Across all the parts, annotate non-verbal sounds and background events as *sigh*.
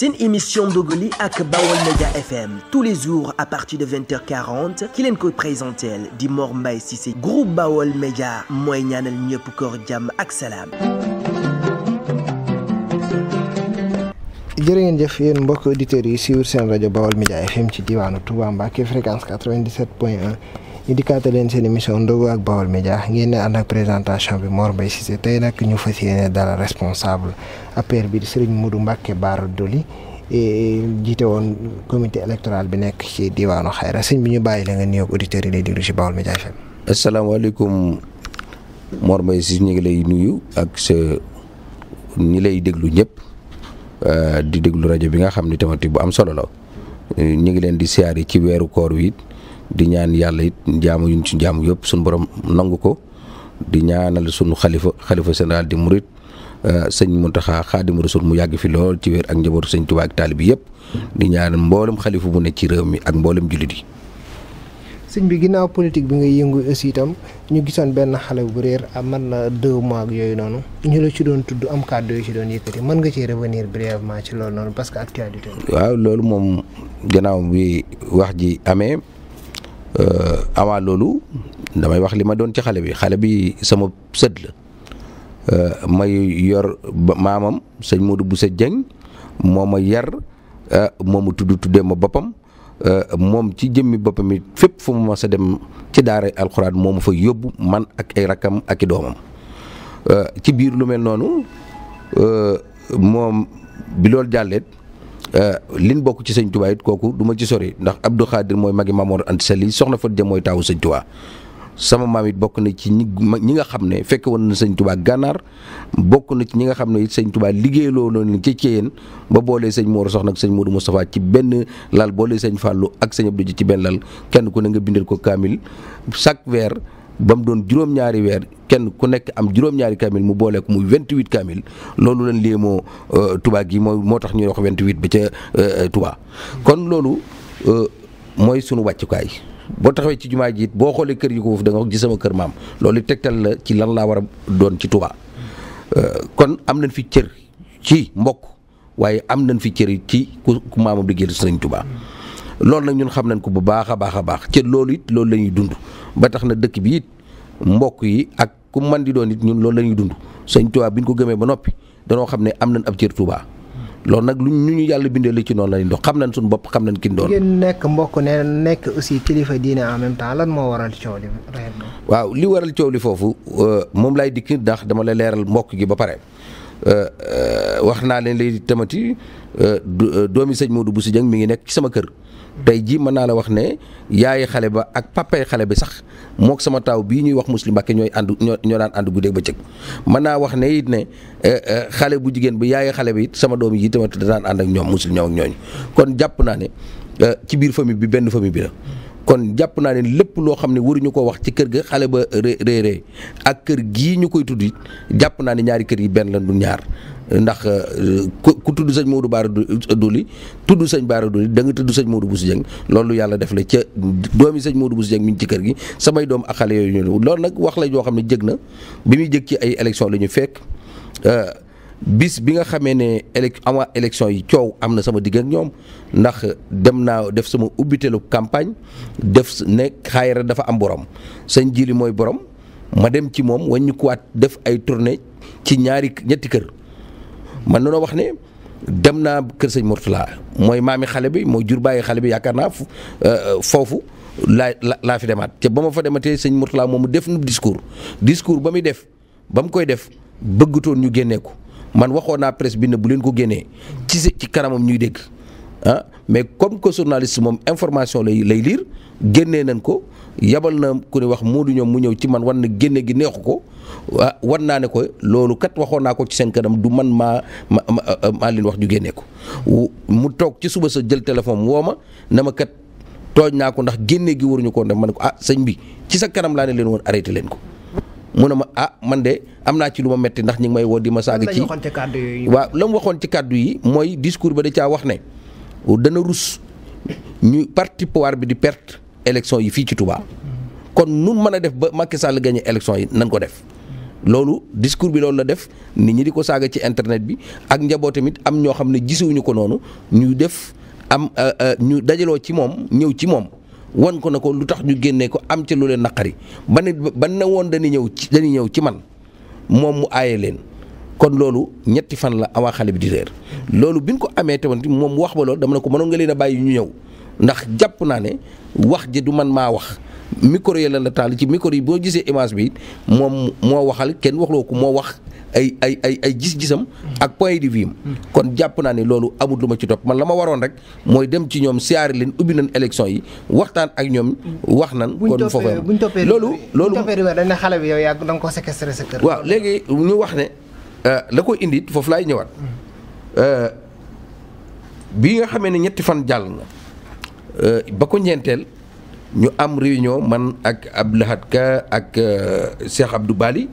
seen émission ndogali ak Bawol Média FM tous les jours à partir de 20h40 ki leen koy présenteel di Mor si Cissé groupe Bawol Média mooy ñaanal ñëpp koor jàmm ak salaam. jërë ngeen jëf yéen mbokk auditeurs yi suivre seen rajo Bawol Média FM ci diwaanu Touba Mbacké fréquence 97 point 1. ñu dikkaate leen seen émission ndogu ak Baol Média ngeen ne ànd ak présentation bi Mor Mbaye Cissé tey nag ñu fas yéene dala responsable APR bi di Serigne du Mbacké Bara Dolly e, jiite woon commité électoral bi nekk ci diwaanu Xayra sëñ bi ñu bàyyi la nga nuyoog auditeurs yi lay déglu ci Baol Média FM. asalaamaaleykum Mor Mbaye ñu ngi lay nuyu ak ñi lay déglu ñëpp e, di déglu rajo bi nga xam ne tamit bu am solo la e, ñu ngi leen di siyaari ci weeru koor wi. di ñaan yàlla it jaamu yuñ ci jaamu yëpp suñu borom nangu ko di ñaanal suñu xalifa xalifa général di murit euh, sëñ Muntaxa Xaadimu Rasuul mu mu yàgg fi lool ci wér ak njabootu sëñ Tuubaa ak yëpp di ñaanal mboolem xalifa bu ne ci réew mi ak mboolem jullit yi. sëñ bi ginnaaw politique bi ngay yëngu aussi itam ñu gisoon benn xale bu réer man na deux mois ak yooyu noonu ñu la ci doon tudd am kàddu yu ci doon yëkkati mën nga ci revenir brièvement ci loolu noonu parce que actualité waaw loolu moom gannaaw bi wax ji amee. Euh, avant loolu damay wax li ma doon ci xale bi xale bi sama sët la euh, may yor maamam sëñ Modou Boussa Dieng moo ma yar euh, moo ma tudd tuddee ma boppam moom ci jëmmi boppam it fépp fu mu mas dem ci daara alxuraan moo ma fa yóbbu man ak ay rakkam ak i doomam ci biir lu mel noonu moom bi loolu jàlleet Euh, lin bokk ci sëñ Tuubaa it kooku du ma ci sori ndax Abdou Khadir mooy magi Mamoor Anta Sall yi soxna Fatou Dia mooy taawu sëñ Tuubaa sama maam it bokk na ci ñi ñi nga xam ne fekke woon na sëñ Tuubaa gànnaar bokk na ci ñi nga xam ne it sëñ Tuubaa liggéeyloo noonu ci Ceyeen ba boolee sëñ Moor Soxna ak sëñ Modou Moustapha ci benn laal boolee sëñ fàllu ak sëñ Abdou ci benn lal kenn ku ne nga bindal ko kaamil chaque weer ba mu doon juróom-ñaari weer kenn ku nekk am juróom-ñaari kaamil mu boole ko muy 28 kaamil loolu lañ lii moo euh, Touba gi mooy moo tax ñuy wax 28 ba ca euh, Touba. kon loolu euh, mooy sunu wàccukaay boo taxawee ci jumaa ji boo xoolee kër yi ko foofu gis sama kër maam loolu tegtal la ci lan laa war a doon ci Touba kon am nañ fi cër ci mbokk waaye am nañ fi cër ci ku maamam di génn nañ Touba. loolu nag ñun xam nañ ko bu baax a baax a baax ca loolu it loolu la ñuy dund ba tax na dëkk bi it mbokk yi ak ku man di doon it ñun loolu la ñuy dund sëñ Tuubaa bi ñu ko gëmee ba noppi danoo xam ne am nañ ab cër Tuubaa loolu nag lu ñu yàlla bindee la ci noonu la ñuy xam nañ suñu bopp xam nañ kin doon. ngeen nekk mbokk ne nekk aussi kilifa diine en même temps lan moo waral coow li waaw li waral coow li foofu euh, moom laay dikk ndax dama la leeral mbokk gi ba pare. Euh, euh, wax naa leen léegi tamati euh, doomi sëñ Modou Bousso Dieng mi ngi nekk ci sama kër tey jii mën naa la wax ne yaayi xale ba ak papay xale bi sax mook sama taaw bii ñuy wax muslim Mbàkke ñooy ànd ñoo daan ànd ba bëccëg mën naa wax ne it ne xale bu jigéen bi yaayi xale bi it sama doom yi tamit da daan ànd ak ñoom muslim ñoom ak ñooñu kon jàpp naa ne ci biir famille bi benn famille bi la kon jàpp naa ne lépp loo xam ne waruñu ko wax ci kër ga xale ba réeree ak kër gii ñu koy tudd it jàpp naa ne ñaari kër yi benn la du ñaar ndax euh, ku tudd sañ sëñ du Bara Dolly euh, tudd sëñ Bara Dolly da nga tudd sëñ Modou Bousso Dieng loolu yàlla def la ca doomi sëñ Modou Bousso Dieng mi ngi ci kër gi samay doom ak xale yooyu ñu loolu nag wax la yoo xam ne jëg na bi muy jëg ci ay élection la ñu fekk euh, bis bi nga xamee ne élec avant yi coow am na sama digg ak ñoom ndax dem naa def sama ubbiteelu campagne def ne xaayara dafa am borom sëñ jili mooy borom ma dem ci moom waññi kuwaat def ay tournée ci ñaari ñetti kër man noonu wax ne dem naa kër sëñ Mourtala mooy maami xale bi mooy jur bàyyi xale bi yaakaar naa euh, euh, foofu laa laa fi demaat te ba ma fa dematee sëñ Mourtala moomu def nu discours discours ba muy def ba mu koy def bëggatoon ñu génnee ko man waxoon naa presse bi ne bu leen ko génnee ci ci kanamam ñuy dégg ah mais comme que journaliste moom information lay lay lire génnee nañ ko yabal na ku ne wax Modou ñoom mu ñëw ci man wan na génne gi neexu ko ah wan naa ne ko loolu kat waxoon naa ko ci seen kanam du man maa ma maa leen wax ñu génnee ko. mu toog ci suba sa jël téléphone woo ma na ma kat naa ko ndax génne gi waruñu ko ndax ma ne ko ah sëñ bi ci sa kanam laa ne leen woon arrêté leen ko. mu ne ma ah man de am naa ci lu ma metti ndax ñi ngi may woo di ma saaga ci waaw la mu waxoon ci kàddu yi mooy discours ba de caa wax ne dana rus ñu parti pouvoir bi di perte élection yi fii ci Touba kon nun mën a def ba Macky Sall gagné élection yi nan ko def loolu discours bi loolu na def nit ñi di ko saaga ci internet bi ak njaboot tamit am ñoo xam ne gisuñu ko noonu ñu def am euh, euh, ñu dajaloo ci moom ñëw ci moom wan ko na ko lu tax ñu génnee ko am ca lu leen naqari ba ne ba ne woon dañuy ñëw ci dañuy ñëw ci man moom mu aaye leen kon loolu ñetti fan la avant xale bi di réer loolu bi ñu ko amee tamit moom wax ba lool dama ne ko mënoon nga leen a bàyyi ñu ñëw ndax jàpp naa ne wax ji du man maa wax micro yi la la taal ci micro yi boo gisee image bi moom moo waxal kenn waxloo ko moo wax ay ay ay ay gis-gisam ak point de vue kon jàpp naa ne loolu amul lu ma ci topp man la ma waroon rek mooy dem ci ñoom siyaare leen ubbi nañ élection yi waxtaan ak ñoom wax nan kon foofu loolu loolu dañ ne xale bi yow yaa da nga ko séquestré sa kër waaw léegi ñu wax ne euh, la ko indi foofu laay ñëwaat mm-hmm. euh, bi nga xamee ne ñetti fan jàll nga euh, ba ko ñeenteel ñu am réunion man ak ab Lahad Ka ak Cheikh Abdou Bali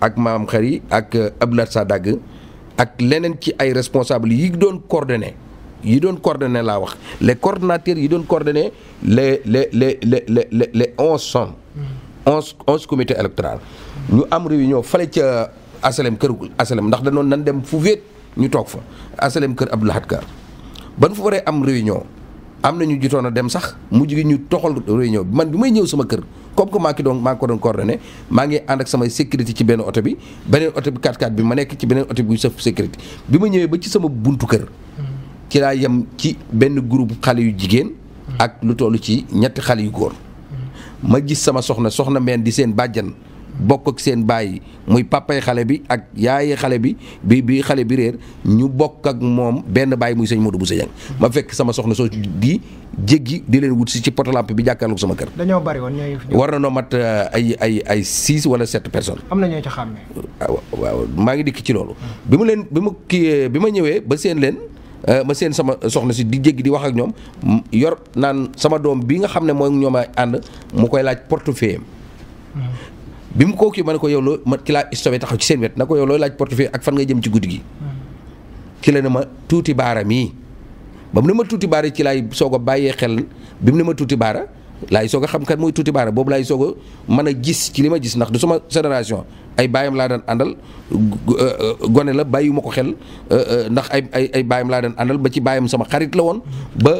ak maam xari ak euh, Abdoulaye Sadag ak leneen ci ay responsable yi doon coordonné yi doon coordonné laa wax les coordonnateurs yi doon coordonné le les le le les les onze cent mm. onze onze comité ñu am réunion fale ca asalem kër asalem ndax danoon nan dem fu wéet ñu toog fa asalem kër Abdou Lahad Ka ban fu waree am réunion am na ñu jotoon a dem sax mujj gi ñu toxal réunion bi man bi may ñëw sama kër comme que maa ki doon maa ko doon coordonné maa ngi ànd ak samay sécurité ci benn oto bi beneen oto bi 4x4 bi ma nekk ci beneen oto bi bu sëf sécurité bi ma ñëwee ba ci sama buntu kër ci laa yem ci benn groupe xale yu jigéen ak lu toll ci ñetti xale yu góor ma gis sama soxna soxna meen di seen bàjjan bokk ak seen baay muy papay xale bi ak yaayi xale bi bi bi xale bi réer ñu bokk ak moom benn baay muy sëñ Modou Bousso Dieng ma fekk sama soxna soo di jéggi di leen wut si ci potolamp bi jàkkaarloog sama kër. dañoo bari woon war na noo mat euh, ay ay ay six wala sept personnes. am na ñoo ci ah, waaw maa ngi dikk ci loolu. bi mu leen bi mu kii euh, bi ma ñëwee ba seen leen. Euh, ma seen sama soxna si di jéggi di wax ak ñoom yor naan sama doom bi nga xam ne mooy ñoom a ànd mu koy laaj portefeuille am hmm. bi mu koo kii ma ko yow loo ma ki laa stoppé taxaw ci seen wet na ko yow looy laaj portefeuille ak fan ngay jëm ci guddi gi. ki la ne ma tuuti baara mii ba mu ne ma tuuti baara ci laay soog bàyyee xel bi mu ne ma tuuti baara laay soog a xam kat mooy tuuti baara boobu laay soog man a gis ci li ma gis ndax du sama génération ay baayam laa daan àndal euh, euh, gone la bàyyi ma ko xel euh, ndax ay ay ay baayam laa daan àndal ba ci baayam sama xarit la woon ba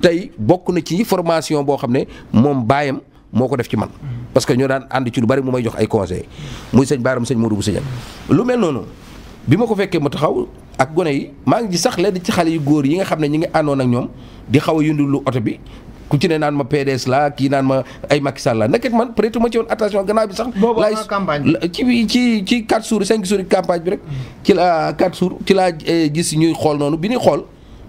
tey bokk na ci formation boo xam ne moom baayam moo ko def ci man parce que ñoo daan ànd ci lu bari mu may jox ay conseil muy sëñ baaram sëñ Modou bu sëñam lu mel noonu bi ma ko fekkee ma taxaw ak gone yi maa ngi sax lenn ci xale yu góor yi nga xam ne ñi ngi àndoon ak ñoom di xaw a yundul lu oto bi ku ci naan ma PDS la kii naan ma ay Macky Sall la nekket man peut-être ma ci woon attention bi sax. laay ci ci ci 4 jours 5 jours campagne rek. ci la 4 jours ci laa eh, gis ñuy xool noonu bi nuy xool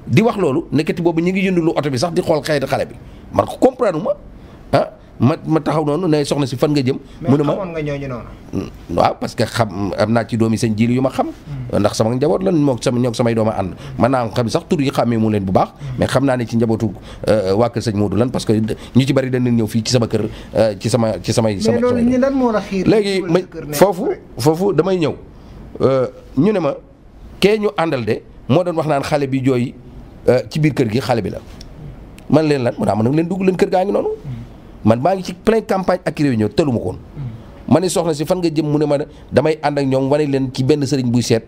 di wax loolu nekkati boobu ñu ngi yundul lu oto bi sax di xool xeeti xale bi man ko comprendre ma ah. ma ma taxaw noonu ne soxna si fan nga jëm. mu ne ma xamoon nga ñooñu noonu. Mm, waaw parce que xam am naa ci doomi seen jiili yu ma xam. Mm. ndax sama njaboot lan moo sama ñoog samay doom a ànd. mën naa xam sax tur leen bu baax. Mm. mais xam naa ne ci njabootu euh, waa kër sëñ lan parce que ñu ci bari dañ leen ñëw fii ci sama kër euh, ci sama ci samay. sama mais loolu moo la xiir léegi ma foofu foofu damay ñëw euh, ñu ne ma kee ñu moo doon wax naan xale bi jooy ci biir kër gi xale bi la man leen lan mu naa ah, leen dugg leen kër gaa ngi noonu man maa ngi ci plein campagne ak réunion tëluma koon ma ne soxna si fan nga jëm mu ne ma damay ànd ak ñoom wane leen ci benn sëriñ buy seet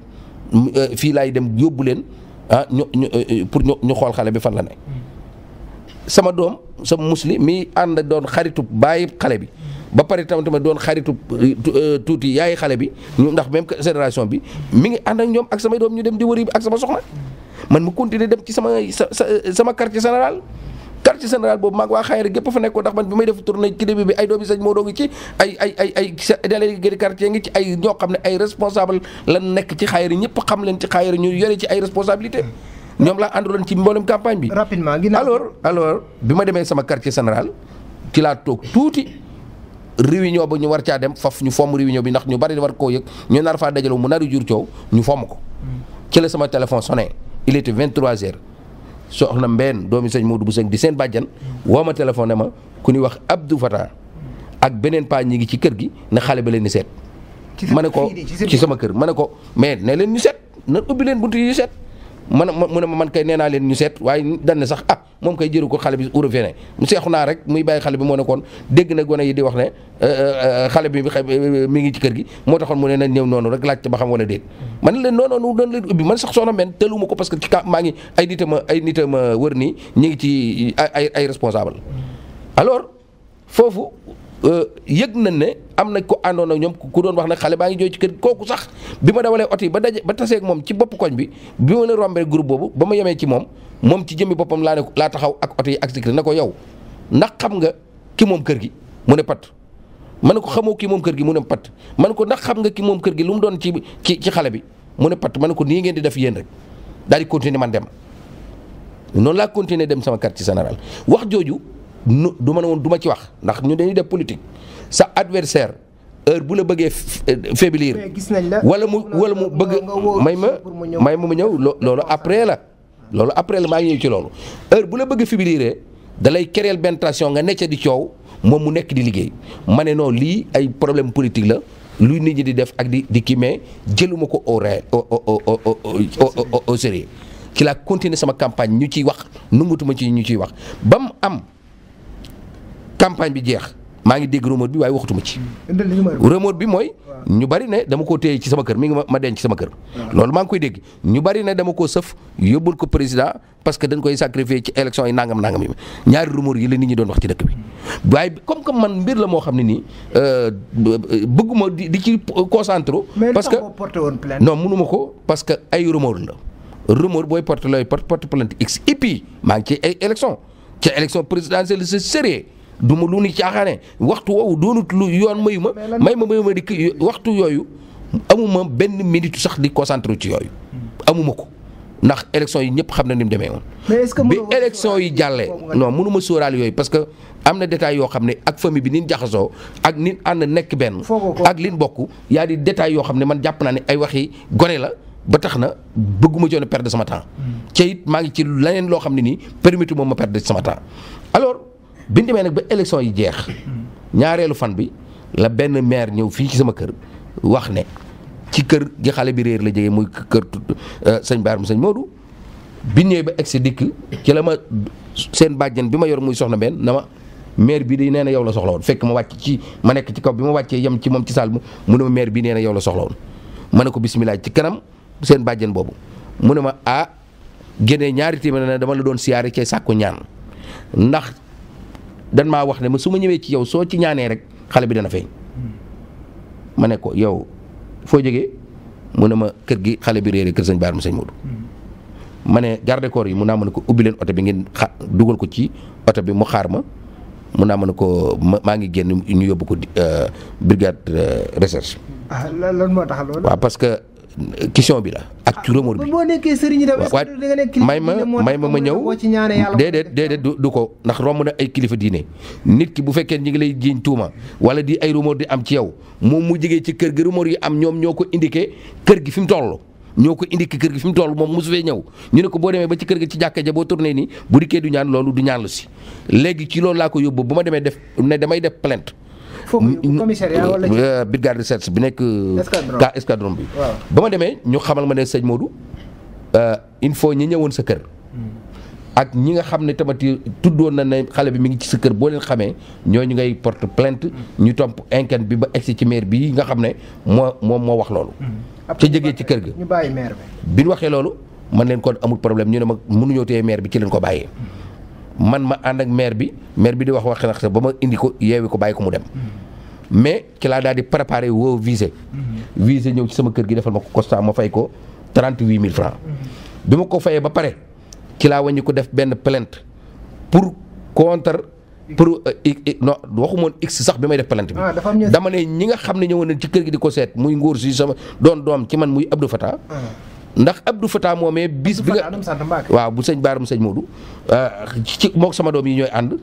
euh, fii laay dem yóbbu leen ah ñu euh, pour ñu xool xale bi fan la ne. sama doom sama musli mi ànd doon xaritu bàyyi xale bi ba pare tam tamit doon xaritu euh, tuuti yaay xale bi ñu ndax même génération bi mu ngi ànd ak ñoom ak sama doom ñu dem di wëri ak sama soxna man mu continuer dem ci sama sa sama quartier général. quartier général boobu maag waa xaayira gépp fa nekkoon ndax man bi may def tournée ci début bi ay doomi sëñ Modou ngi ci ay ay ay ay délégué de quartier ngi ci ay ñoo xam ne ay responsable lan nekk ci xaayira ñëpp xam leen ci xaayira ñu yore ci ay responsabilité ñoom laa àndaloon ci mboolem campagne bi. rapidement ginnaaw alors alors bi ma demee sama quartier général ci laa toog tuuti. réunion ba ñu war caa dem faf ñu fomm réunion bi ndax ñu bari war koo yëg ñu nar faa dajaloo mu nar a jur coow ko. Hmm. ci la sama téléphone sonné il était 23h. soxna mbeen doomi sëñ Modou bu sëñ di seen bàjjan woo ma téléphone ma ku ñuy wax Abdou Fata ak beneen paa ñi ngi ci kër gi ne xale ba leen di seet ma ne ko ci sama kër ma ne ko mais ne leen ñu seet na ubbi leen buntu yi seet man mu ne ma man kay nee naa leen ñu seet waaye dañ ne sax ah moom kay jëru ko xale bi urofee ne mu seexu naa rek muy bàyyi xale bi moo ne dégg na gone yi di wax ne euh, euh, xale bi euh, mi ngi ci kër gi moo taxoon mu ne nañ ñëw noonu rek laajte ba xam wala déet man leen noonu noonu doon leen ubbi man sax soxna men teluma ko parce maa ngi ay nitama ay nitama wër nii ñu ngi ci ay ay responsable alors foofu Euh, yëg na ne am na ku àndoon ak ñoom ku doon wax nag xale baa ngi jooy ci kër kooku sax bi ma dawalee oto yi ba daje ba taseeg moom ci bopp koñ bi bi ma la rombee groupe boobu ba ma yemee ci moom moom ci jëmmi boppam laa ne laa taxaw ak oto yi ak sikri na ko yow ndax xam nga ki moom kër gi mu ne pat ma ne ko xamoo ki moom kër gi mu ne pat ma ne ko ndax xam nga ki moom kër gi lu mu doon ci ci ci xale bi mu ne pat ma ne ko nii ngeen di def yéen rek daal di continuer man dem noonu laa continuer dem sama quartier général wax jooju nu du ma ne woon du ma ci wax ndax ñu dañuy def politique sa adversaire heure bu la bëggee faiblir wala mu wala mu bëgg may ma may ma mu ñëw loolu après la loolu après la maa ngi ñëw ci loolu heure bu la bëgg faiblir dalay lay créer nga necca di coow moom mu nekk di liggéey ma ne non lii ay problème politique la lu nit ñi di def ak di di kii mais jëluma ko au au au sérieux ci sama campagne ñu ciy wax nungutuma ci ñu ciy wax ba mu am campagne bi jeex maa ngi dégg remorque bi waaye waxatuma ci. remorque bi mooy. ñu bari ne dama koo téye ci sama kër mi ngi ma denc ci sama kër. loolu maa ngi koy dégg ñu bari ne dama koo sëf yóbbul ko président parce que dañ koy sacrifier ci élection yi nangam nangam yi ñaari rumeur yi la nit ñi doon wax ci dëkk bi. waaye comme que man mbir la moo xam ne nii euh, bëgguma di di ci concentré. parce que non mënuma ko parce que ay rumeur la. rumeur booy porte lo porte porte plainte x et puis maa ngi ci ay élection ci élection présidentielle c'est sérieux du ma lu ni caaxaane waxtu woowu doonut lu yoon mayu ma may ma mayu ma di waxtu yooyu amuma benn minute sax di concentré ci yooyu amuma ko ndax élection yi ñëpp xam na ni mu demee woon bi élection yi jàlle non mënuma sóoraal yooyu parce que am na détails yoo xam ne ak famille bi nin jaxasoo ak nin ànd nekk benn ak lin bokk yaa di détails yoo xam ne man jàpp naa ne ay waxi gone la ba tax na bëgguma joone perdre sama temps ca hmm. maa ngi ci leneen loo xam ne nii permettre moom ma perdre sama bind ñu demee nag ba élection yi jeex ñaareelu fan bi la benn maire ñëw fii ci sama kër wax ne ci kër gi xale bi réer la jege muy kër euh, sañ Baar mu sëñ Modou bi ñëwee ba egsi dikk ci la ma seen bàjjen bi ma yor muy soxna benn na ma maire bii day nee na yow la soxla woon fekk ma wàcc ci ma nekk ci kaw bi ma wàccee yem ci ci saal mu ne ma maire nee na yow la soxla woon ma ne ko bisimilah ci kanam seen bàjjen boobu mu ne ma ah génnee ñaari téeméer na dama la doon siyaare cee sàkku ñaan ndax dan maa wax ne ma su ma ñëwee ci yow soo ci ñaanee rek xale bi dana feeñ ma ne ko yow foo jógee mu ne ma kër gi xale bi réeré kër sëñ Baar mu sëñ Modou ma ne garde corps yi mun naa mën ko ubbi leen oto bi ngeen xa dugal ko ci oto bi mu xaar ma mun naa mën ko maa ngi génn ñu yóbbu ko euh, brigade euh, recherche. ah lan moo tax loolu. waaw parce question bi la ak ci remor bi. Ah, boo nekkee sëriñ da nga nekk may ma may ma ma ñëw déedéet déedéet du du ko ndax romb na ay kilifa diine nit ki bu fekkee ñi ngi lay jiiñ tuuma wala di ay remor di am ci yow moom mu jigee ci kër gi remor yi am ñoom ñoo ko indiqué kër gi fi mu toll. ñoo ko indi kër gi fi mu toll moom mosu fee ñëw ñu ne ko boo demee ba ci kër gi ci jàkka ja boo tourné nii bu dikkee du ñaan loolu du ñaan lu si léegi ci loolu laa ko yóbbu bu ma demee def ne damay def plainte foofu commissariat wala. Euh, brigade recherche bi nekk. escadron bi ba ma demee ñu xamal ma ne sëñ Modou euh, il faut ñi ñëwoon sa kër. Hmm. ak ñi nga xam ne tamit tuddoon na ne xale bi mu ngi ci sa kër boo leen xamee ñoo ñu ngay port plainte hmm. ñu tomp enquête bi ba egsi ci maire bi nga xam ne moo moom moo wax loolu. Hmm. ca jege ci kër gi ñu bi. bi ñu waxee loolu man leen koon amul problème ñu ne mag mënuñoo téye maire bi ci leen ko bàyyee. man ma ànd ak maire bi maire bi di wax wax na ba ma indi ko yeewi ko bàyyi ko dem. mais ci daal di préparé woo visé. visé ñëw ci sama kër gi defal ma ko constat ma fay ko trente huit mille francs. bi ma ko fayee ba pare ci laa wàññi ko def benn plainte pour contre. pour euh, non waxu moon x sax bi may def plainte bi ah, dama ne ñi nga xam ne ñëwoon nañ ci kër gi di ko seet muy ngóor si sama doon doom ci man muy Abdou Fata ah. ndax Abdou Fata moomee bis bi nga waaw bu baar sëñ baaram sëñ Modou euh, ci mook sama doom yi ñooy ànd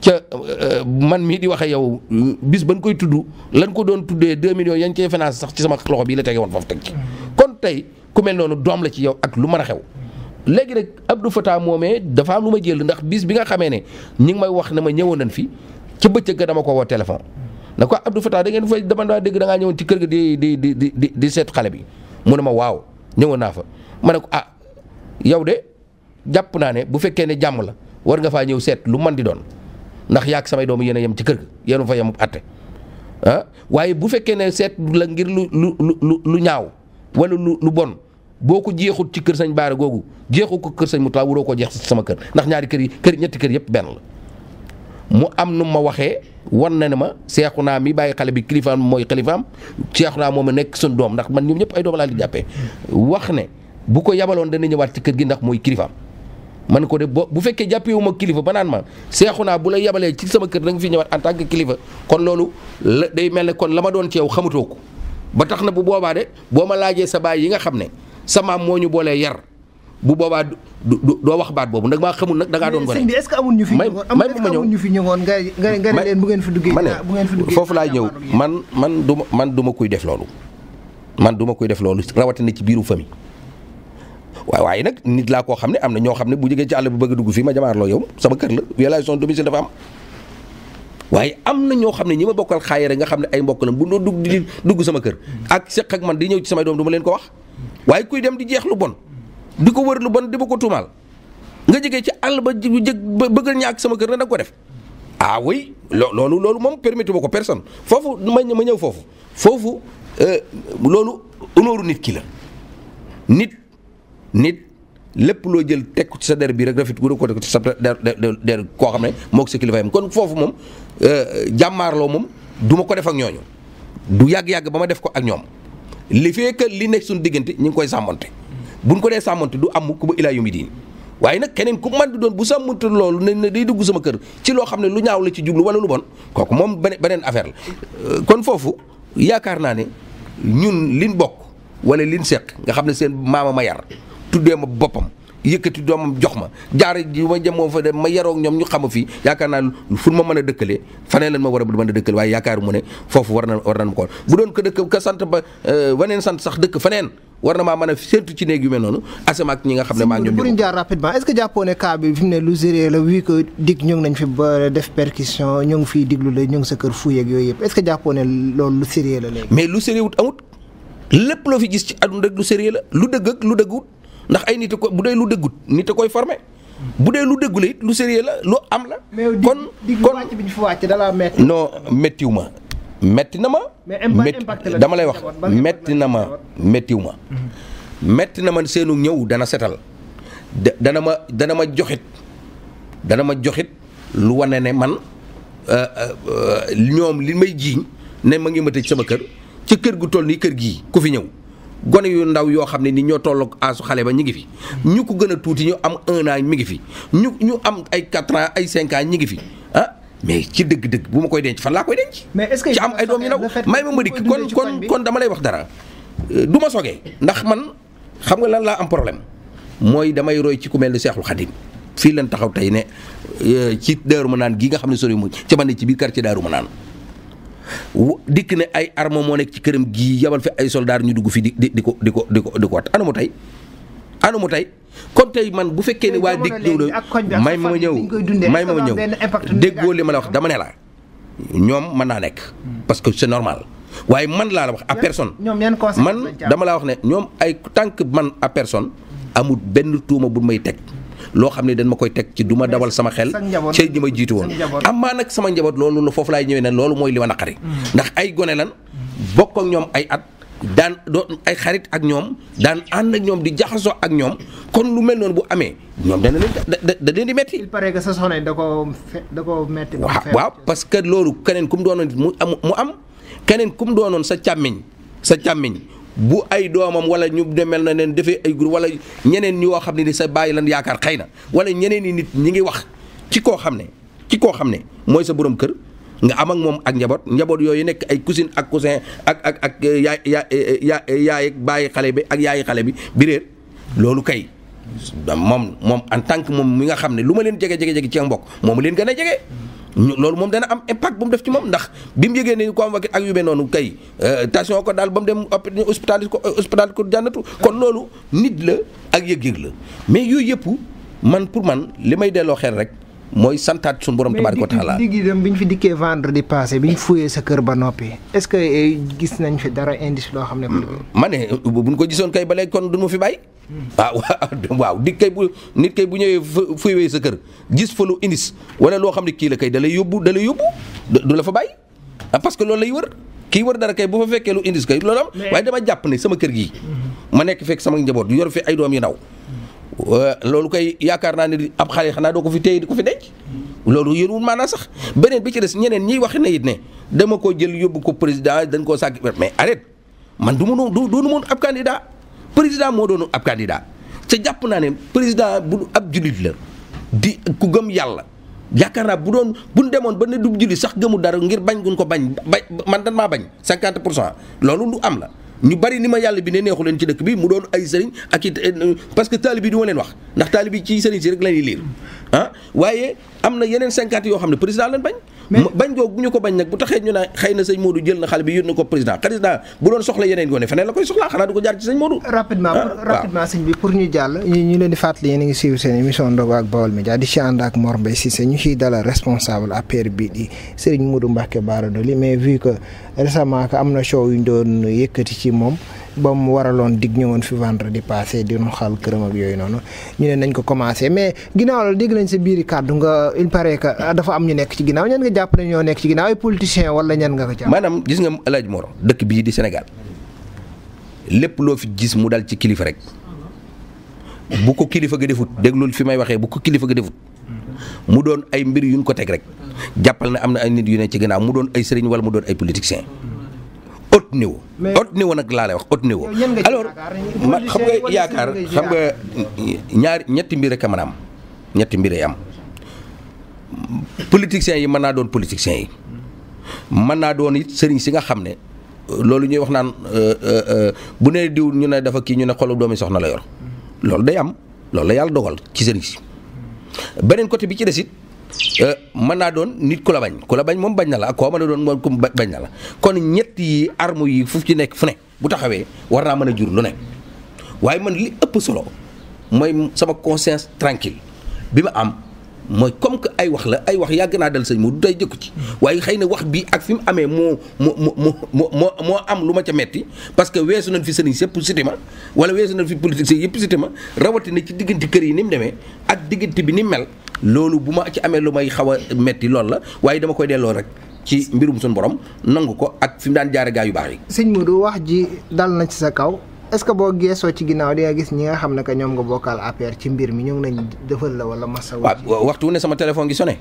ca euh, man mii di wax ak yow bis bañ koy tudd lan ko doon tuddee 2 millions yañ cee financé sax ci sama loxo bii la tege woon foofu teg ci. kon tey ku mel noonu doom la ci yow ak lu man a xew. léegi nag Abdou Fatah moomee dafa am lu ma jël ndax bis bi nga xamee ne ñi ngi may wax ne ma ñëwoon nañ fi ca bëccëg ko woo téléphone. na ko Abdou Fatah da ngeen fay dama dégg da ngaa ci kër ga di di di di di seet xale bi mu ne ma waaw ñëwoon naa fa ma ne ko ah yow de jàpp naa ne bu fekkee ne jàmm la war nga faa ñëw seet lu man di doon. ndax yaag samay doom yéen a yem ci kër yéen fa yem atte ah waaye bu fekkee ne seet la ngir lu lu lu lu ñaaw walla lu lu bon boo ko jeexut ci kër sañ baara googu jeexu ko kër sañ mu taa waroo ko jeex sama kër ndax ñaari kër yi kër ñetti kër yëpp benn la mu am nu ma waxee wan na ne ma seexu naa mi bàyyi xale bi kilifaam mooy xalifaam seexu naa moom a nekk suñ doom ndax man ñoom ñëpp ay doom laa di jàppee wax ne bu ko yabaloon dana ñëwaat ci kër gi ndax mooy kilifaam man ko de boo bu fekkee jàppewu ma kilifa ba naan ma seexu naa bu la yebalee ci sama kër da nga fi ñëwaat en tant que kilifa kon loolu la day mel ne kon la ma doon ci yow xamatoo ko ba tax na bu boobaa de boo ma laajee sa baay yi nga xam ne sama am moo ñu boolee yar bu boobaa doo wax baat boobu nag maa xamul nag da doon gone est ce que amul ñu fi may ma ñu fi ñëwoon nga nga ne leen bu ngeen fi duggee ma ne foofu laa ñëw man man du man duma ma kuy def loolu man duma ma kuy def loolu rawatina ci biiru fami waaw waaye nag nit laa koo xam ne am na ñoo xam ne bu jógee ci àll bu bëgg a dugg fii ma jamaarloo yow sama kër la violation domicile waaye am na ñoo xam ne ñi ma bokkal xaayare nga xam ne ay mbokk la bu noo dugg dugg sama kër ak seq ak man di ñëw ci samay doom du leen ko wax waaye kuy dem di jeex lu bon di ko wër lu bon di ba ko tuumaal nga jógee ci àll ba jë bëggal ñaak sama kër na da ko def aaw ah oui loolu loolu moom permettre ba ko personne foofu ma ma ñëw foofu foofu euh, loolu honneur nit ki la nit lépp loo jël teg ci sa der bi rek rafet gu ko teg ci sa der koo xam ne moo ko sa kilifaayam kon foofu moom euh, jàmmaarloo moom du ko def ak ñooñu du yàgg-yàgg ba ma def ko ak ñoom li fekk li nekk suñu diggante ñu ngi koy sàmmante buñ ko dee sàmmante du am ku ba ilaa yu mi waaye nag keneen ku man di doon bu sàmmante loolu ne ne day dugg sama kër ci loo xam ne lu ñaaw la ci jublu wala lu bon kooku moom beneen affaire la euh, kon foofu yaakaar naa ne ñun liñ bokk wala liñ seq nga xam ne seen maama ma yar tuddee ma boppam yëkkati doomam jox ma jaar ji ma jëmoo fa dem ma yaroog ñoom ñu xama fii yaakaar naa fu ma mën a dëkkalee faneen lan ma war a mën a dëkkale waaye yaakaar mu ne foofu war na war na ma ko bu doon ko dëkk ka sant ba euh, waneen sant sax dëkk faneen war na maa mën a séntu ci néeg yu mel noonu ak ñi nga xam ne maa ñoom bu ñu jaar rapidement est-ce que jàppoo ne cas bi fi mu ne lu géré la wii ko dig ngi nañ fi ba def sa kër fuuy ak yooyu yëpp est-ce que jàppoo ne loolu lu sérieux la léegi mais lu sérieux wut lépp loo fi gis ci àdduna rek lu sérieux la lu dëgg ak lu dëggut ndax ay nit ko bu dee lu dëggut nit a koy formé bu dee lu dëggu la lu sérieux la lu am la. kon kon wàcc bi ñu fa wàcc da metti ma metti na ma. mais dama lay wax metti na ma méttiwu ma. Mhm. metti na ma seenu ñëw dana setal dana ma dana ma joxit dana ma joxit lu wane ne man euh, euh, euh, ñoom li may jiiñ ne ma ngi ma tëj sama kër ci kër gu toll nii kër gii ku fi ñëw. gone yu ndaw yoo xam ne ni ñoo tolloog aasu xale ba ñi ngi fi ñu ko gën a tuuti ñu am un an mi ngi fi ñu ñu am ay quatre ans ay cinq ans ñi ngi fi ah mais ci dëgg-dëgg bu ma koy denc fan laa mais est-ce que ci am ay doom yu ndaw may ma ma dikk kon kon kon dama lay wax dara euh, du ma sogee ndax man xam nga lan laa am problème mooy damay roy ci ku mel ni Seexul Xadim fii leen taxaw tey ne euh, ci Daaru Manaan gi nga xam ne sori mu ci man ne ci biir quartier Daaru Manaan dikk ne ay arme moo nekk ci këram gii yabal fi ay soldaar ñu dugg fi di di ko di ko di ko di ko wat anamu tey anamu tey kon tey man bu fekkee ne waa dégg ñëw la may ma ñëw may ma ñëw déggoo li ma la wax dama ne la ñoom mën naa nekk hmm. parce que c'est normal waaye man laa la wax à personne man dama laa wax ne ñoom ay tant que man a personne hmm. amul benn tuuma bu may teg loo xam ne dañ ma koy teg ci duma dawal sama xel ci ñi ma jiitu woon am amaa nag sama njaboot loolu foofu laay ñëwee ne loolu mooy li ma naqari mm. ndax ay gone lan bokk ak ñoom ay at daan doo ay xarit ak ñoom daan ànd ak ñoom di jaxasoo ak ñoom kon lu mel noonu bu amee ñoom dana leen da di metti il paraît que sa soxna da koo da metti waaw waaw parce que loolu keneen ku mu doonoon mu am mu am keneen ku mu doonoon sa càmmiñ sa càmmiñ bu ay doomam wala ñu demel na leen defee ay groupe wala ñeneen ñoo xam ne ni sa bàyyi lan yaakaar xëy na wala ñeneen i nit ñi ngi wax ci koo xam ne ci koo xam ne mooy sa borom kër nga am ak moom ak njaboot njaboot yooyu nekk ay cousine ak cousin ak ak ak yaay yaay yaay bàyyi xale bi ak yaayi xale bi bi loolu kay moom moom en tant moom mi nga xam ne lu ma leen jege jege jege ci ak mbokk moomu leen gën a jege. loolu moom dana am impact bu mu def ci moom ndax bi mu yëgee ne convoqué ak yu mel noonu kay euh, tension ko daal ba mu dem hospitali euh, hospital ko jànnatu kon loolu nit la ak yëg-yëg la mais yooyu yëpp man pour man li may delloo xel rek mooy santaat suñu borom tabaaraka wa taala diggi dem bi ñu fi dikkee vendredi passé bi ñu fuyee sa kër ba noppi est-ce que eh, gis nañ fi dara indice loo xam ne. Mm, ma ne eh, buñ ko gisoon kay ba léegi kon duñ ma fi bàyyi. Mm. Ah, waaw *laughs* waaw dig kay bu nit kay bu ñëwee fuyee sa kër gis fa lu indice wala loo xam ne kii la kay da lay yóbbu da lay yóbbu du la fa bàyyi ah, parce que loolu lay wër. kii war dara kay bu fa fekkee lu indice kay loolu am waaye dama jàpp ne sama kër gii. Mm-hmm. ma nekk fekk sama njaboot yor fi ay doom yu ndaw. Euh, loolu koy yaakaar naa ne ab xale xanaa doo ko fi téye di ko fi nekk loolu yëruwul maanaa sax beneen bi ci des ñeneen ñiy wax na it ne dama ko jël yóbbu ko président dañ koo sàkk mais arrête man du ma doon doonu moon ab candidat président moo doonu ab candidat te jàpp naa ne président bu ab jullit la di ku gëm yàlla yaakaar naa bu doon bu ñu demoon ba ne du jullit sax gëmu dara ngir bañ guñ ko bañ ba man dan maa bañ 50 pour cent loolu lu am la ñu bari ni ma yàlla bi ne neexu leen ci dëkk bi mu doon ay sëriñ ak it eh, parce que taalibe yi leen wax ndax taalibe yi ci sëriñ si rek la ñuy liir ah waaye am na yeneen cinquante yoo xam ne président leen bañ. bañ googu ñu ko bañ nag bu taxee ñu ne xëy na sëñ Modou jël na xale bi yónni ko président président bu doon soxla yeneen gone feneen la sëñ Modou. Ah, pour ñu jàll. ñu leen di fàttali yéen a ngi suivre seen émission Ndogou ak Baol Média di ci ànd ak Mor Mbaye Cissé ñu ciy dalal responsable APR bi di Serigne récemment que am na show yu ñu doon yëkkati ci moom ba mu waraloon dig ñëwoon fi vendredi passé di nu xal këram ak yooyu noonu ñu ne nañ ko commencé mais ginnaaw la dégg nañ sa i kàddu nga il paraît que euh, dafa am ñu nekk ci ginnaaw ñan nga jàpp nañ ñoo nekk ci ginnaaw ay politiciens wala ñan nga ko jàpp. maanaam gis nga El Hadj Mor dëkk bii di Sénégal lépp loo fi gis mu dal ci kilifa rek bu ko kilifa ga defut déglul fi may waxee bu ko kilifa ga defut mu doon ay mbir yuñ ko teg rek jàppal na am na ay nit yu ne ci ginnaaw mu doon ay sëriñ wala mu doon ay politiciens haut niveau. haut niveau nag laa lay wax haut niveau. alors ma xam nga yaakaar xam nga ñaar ñetti mbir rek a mën ñetti mbir yi am politiciens yi mën naa doon politiciens yi mën naa doon it sëriñ si nga xam ne loolu ñuy wax naan euh, euh, euh, bu nee diw ñu ne dafa kii ñu ne xolu doomi soxna la yor loolu day am loolu la yàlla dogal ci sëriñ si. beneen côté bi ci desit it euh, mën naa doon nit ku la bañ ku bañ moom bañ na la ak koo mën a doon moom ku bañ na la kon ñett yi arme yi fu ci nekk fu ne bu taxawee war naa mën a jur lu ne waaye man li ëpp solo mooy sama conscience tranquille bi ma am. mooy comme que ay wax la ay wax yàgg naa dal sëñ Modou day jëkku ci waaye xëy na wax bi ak fi mu amee moo moo moo moo moo am lu ma ca metti parce que weesu nañ fi sëriñ sëpp cité ma wala weesu nañ fi politique yëpp cité ma rawatina ci diggante kër yi ni mu demee ak diggante bi ni mel loolu bu ma ci amee lu may xaw a metti loolu la waaye dama koy delloo rek ci mbirum suñu borom nangu ko ak fi mu daan jaare gaa yu baax yi. sëñ Modou wax ji dal na ci sa kaw. est-ce que boo geesoo ci ginnaaw di nga gis ñi nga xam ne que ñoom nga bokkaal APR ci mbir mi ñëw nañ defal la wala massa waaw waxtu wu ne sama téléphone gi sonné.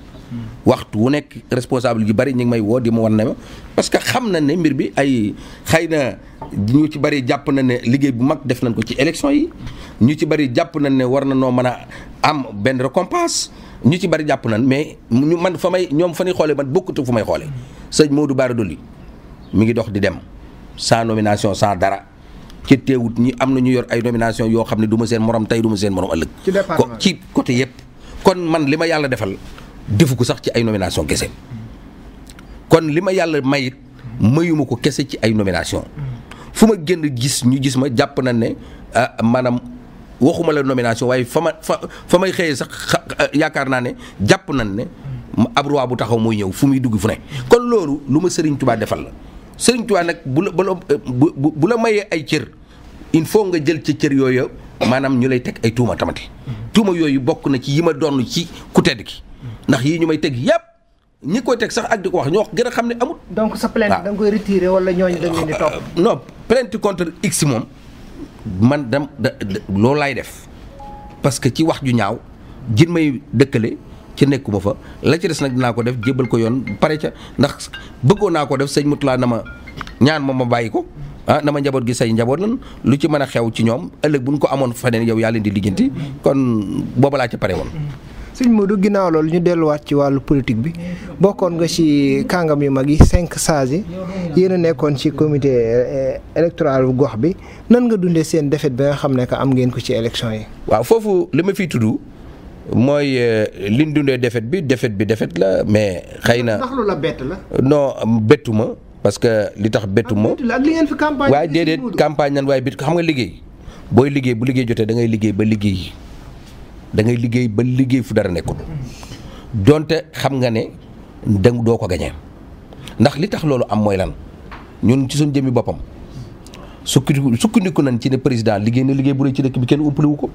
waxtu wu nekk responsable yu bari ñu ngi may woo di ma na ne parce que xam na ne mbir bi ay xëy na ñu ci bari jàpp na ne liggéey bu mag def nañ ko ci élection yi. ñu ci bari jàpp nañ ne war na noo mën a am benn récompense ñu ci bari jàpp nañ mais mu ñu man fa may ñoom fa ñuy xoolee man bokkatu fu may xoolee. sëñ Modou Bara Dolly mi ngi dox di dem sans nomination sans dara. ci ñi am na ñu yor ay nomination yoo xam ne du ma seen morom tey du ma seen morom ëllëg. ci côté yëpp kon man li ma yàlla defal defu ko sax ci ay nomination kese kon li ma yàlla mayit mayuma ko kese ci ay nomination fu ma génn gis ñu gis ma jàpp na ne ah, maanaam waxuma la nomination waaye fa ma fa fa may xëye sax yaakaar naa ne jàpp na ne ab roi bu taxaw mooy ñëw fu muy dugg fu ne kon loolu lu ma Sëriñ Tuubaa defal la Sëriñ nag bu la bu bu la mayee ay cër il faut nga jël ci cër yooyu maanaam ñu lay teg ay tuuma tamati tuuma yooyu bokk na ci yi ma donn ci ku tedd ki ndax yii ñu may teg yépp ñi koy teg sax ak di ko wax ñoo gën a xam ne amul. donc sa plainte da koy retirer wala ñooñu da ngeen di topp. Euh, non plainte contre x moom man dam loolu laay def parce que ci wax ju ñaaw ji may dëkkale. ci nekkuma fa la ci des nag dinaa ko def jébbal ko yoon pare ca ndax bëggoon naa ko def sëñ Moutala na ma ñaan ma ma bàyyi ko ah na ma njaboot gi say njaboot lan lu ci man a xew ci ñoom ëllëg bu ñu ko amoon feneen yow yaa leen di lijjanti kon booba laa ca pare woon. sëñ Modou ginnaaw loolu ñu delluwaat ci wàllu politique bi bokkoon nga ci kàngam yu mag yi cinq sages yi yéen a nekkoon ci comité eh, électoral bu gox bi nan nga dundee seen défaite bi nga xam ne am ngeen ko ci élection yi. waaw foofu li ma fiy tudd. mooy euh, li ñu dundee defet bi defet bi defet la mais. xëy na ndax lu la bett la. non bettu ma parce que li tax bettu ma. ak li ngeen fi campagne waaye déedéet campagne nan waaye bit xam nga liggéey booy liggéey bu liggéey jotee dangay liggéey ba liggéey da ngay ba liggéey fu dara nekkul donte xam nga ne da doo ko gañee ndax li tax loolu am mooy lan ñun ci suñ jëmmi boppam sukkandiku sukkandiku nañ ci ne président liggéey na liggéey bu rëy ci dëkk bi kenn umpale wu ko.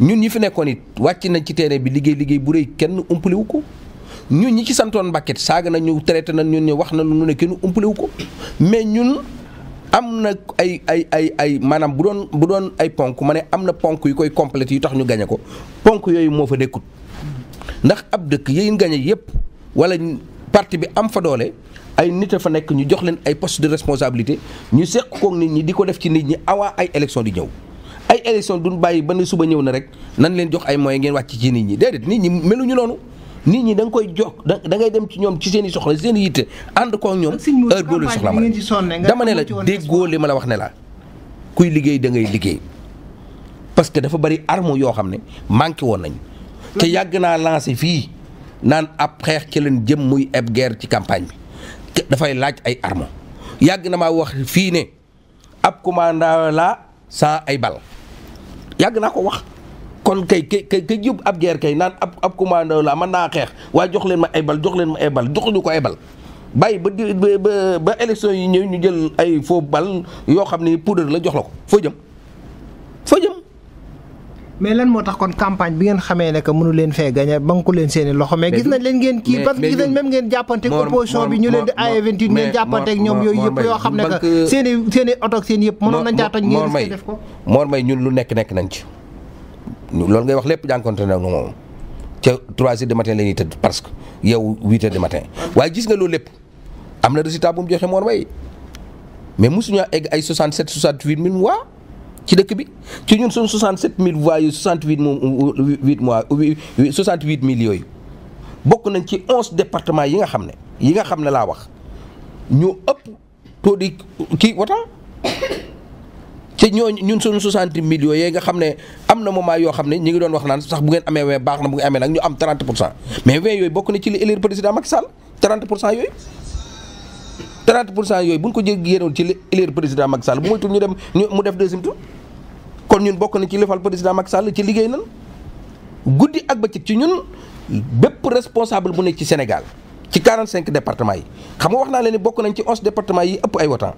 ñun ñi fi nekkoon it wàcc nañ ci terrain bi liggéey liggéey bu rëy kenn umpale wu ko ñun ñi ci santoon mbàkket saaga nañ ñu traité nañ ñun ñu wax na nu ne kenn umpale ko mais ñun am na ay ay ay ay maanaam bu doon bu doon ay ponk ma ne am na ponk yu koy complété yu tax ñu gañe ko ponk yooyu moo fa nekkut ndax ab dëkk yéen gañe yëpp wala parti bi am fa doole ay nit a fa nekk ñu jox leen ay poste de responsabilité ñu seq koog nit ñi di ko def ci nit ñi awaa ay élection di ñëw ay élection duñ bàyyi ba ne suba ñëw na rek nan leen jox ay moyens ngeen wàcc ci nit ñi déedéet nit ñi meluñu noonu nit ñi da koy jox dangay dem ci ñoom ci seen i soxla seen i yitte ànd koog ñoom heure boo leen soxla ma dama ne la déggoo li ma la wax ne la kuy liggéey da liggéey parce que dafa bari arme yoo xam ne manqué woon nañ te yàgg naa lancé fii naan ab xeex ci leen jëm muy eb ger ci campagne bi dafay laaj ay arme yàgg na maa wax fii ne ab commandant la sa ay bal yàgg naa ko wax kon kay kay kay jub ab guerre kay naan ab ab commando laa man naa xeex waaye jox leen ma ay bal jox leen ma ay bal joxuñu ko ay bal bàyyi ba di ba ba élection yi ñëw ñu jël ay faux bal yoo xam ni poudre la jox la ko foo jëm. mais lan moo tax kon campagne bi ngeen xamee ne que leen fee gagné banku leen seen i loxo mais gis nañ leen ngeen kii parce que gis nañ même ngeen jàppanteeg opposition bi ñu leen di ay 28 ngeen jàppanteeg ñoom yooyu yëpp yoo xam ne que seen i seen yëpp mënoon nañ jaatoñ ngeen def ko Mor Mbaye ñun lu nekk nekk nañ ci loolu ngay wax lépp jànkonte na nu moom ca 3 heures du matin la ñuy tëdd parce que yow 8 heures du matin waaye gis nga loolu lépp am na résultat bu mu joxe Mor Mbaye mais mosuñu egg ay 67 68 mille mois ci dëkk bi ci ñun suñu 67000 voix yu 68 moom 8 mois 68 mille yooyu bokk nañ ci 11 départements yi nga xam ne yi nga xam ne laa wax ñu ëpp taux di kii wotant ci ñoo ñun suñu 60 millions yooyu nga xam ne am na moment yoo xam ne ñu ngi doon wax naan sax bu ngeen amee wee baax na bu ngeen amee nag ñu am 30 pour cent mais wee yooyu bokk na ci li élire président Macky Sall 30 pour cent yooyu 30 pour cent yooyu bu ñu ko jëg yéenoon ci li élire président Macky ñu dem mu def deuxième tour kon ñun bokk nañ ci lefal président Macky Sall ci liggéey nan guddi ak bëccëg ci ñun bépp responsable bu nekk ci Sénégal ci 45 départements yi xam nga wax naa leen ni bokk nañ ci 11 départements yi ëpp ay wotan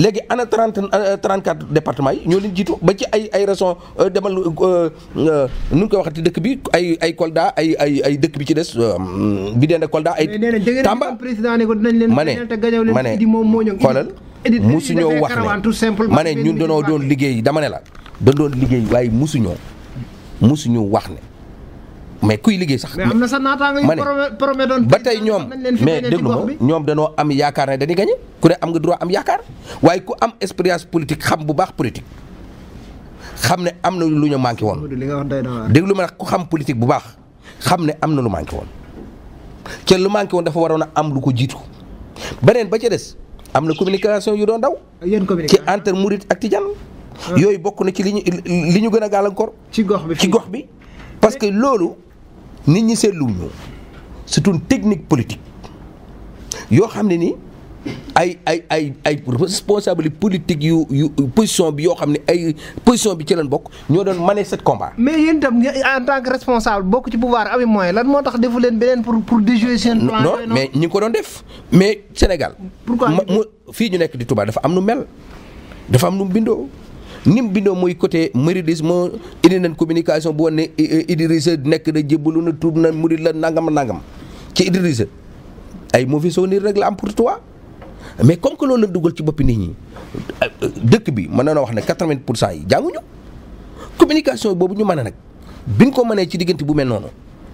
léegi ana 30 34 euh, départements yi ñoo leen jiitu ba ci ay ay régions euh, demal euh, nu ñu koy waxati dëkk bi ay ay Kolda ay ay ay dëkk bi ci des bi dee na Kolda ay. Tamba mais nee nañ dëgg président ne ko dinañ leen. ma ne xoolal. musuñoo wax ne ma ne ñun danoo doon liggéey dama ne la da doon liggéey waaye musuñoo musuñu wax ne mais kuy liggéey sax. mais am na sax naataango yu promet doon ba tey ñoom mais déglu ma ñoom danoo am yaakaar ne dañuy gagné ku ne am nga droit am yaakaar waaye ku am expérience politique xam bu baax politique xam ne am na lu ñu manqué woon. déglu ma nag ku xam politique bu baax xam ne am na lu manqué woon. ca lu manqué woon dafa waroon a am lu ko jiitu beneen ba ca des. am na communication yu doon daw. yéen communication ci entre Mouride ak Tidiane. Ah. yooyu bokk na ci li ñu li ñu gën a gàllankoor. ci gox bi ci gox bi. parce que loolu nit ñi seetluwuñu c'est une technique politique yoo xam ne ni. ay ay ay ay responsable politique yu yu position bi yoo xam ne ay position bi ci leen bokk ñoo doon mané cet combat. mais yéen tam en tant que responsable bokk ci pouvoir ami moyen lan moo tax defu leen beneen pour pour déjouer seen plan non mais ñi ngi def mais Sénégal. pourquoi mu fii ñu nekk di Touba dafa am nu mel dafa am nu bindoo. ni mu bindoo mooy côté muridisme moo indi nañ communication bu woon ne Idrissa nekk na jébbalu na tuub na murid la nangam nangam ci Idrissa ay mauvais souvenirs rek la am pour toi. mais comme que loolu la dugal ci boppi nit ñi dëkk bi mën na wax ne 80 pour cent yi jànguñu communication boobu ñu mën a nag biñ ko mënee ci diggante bu mel noonu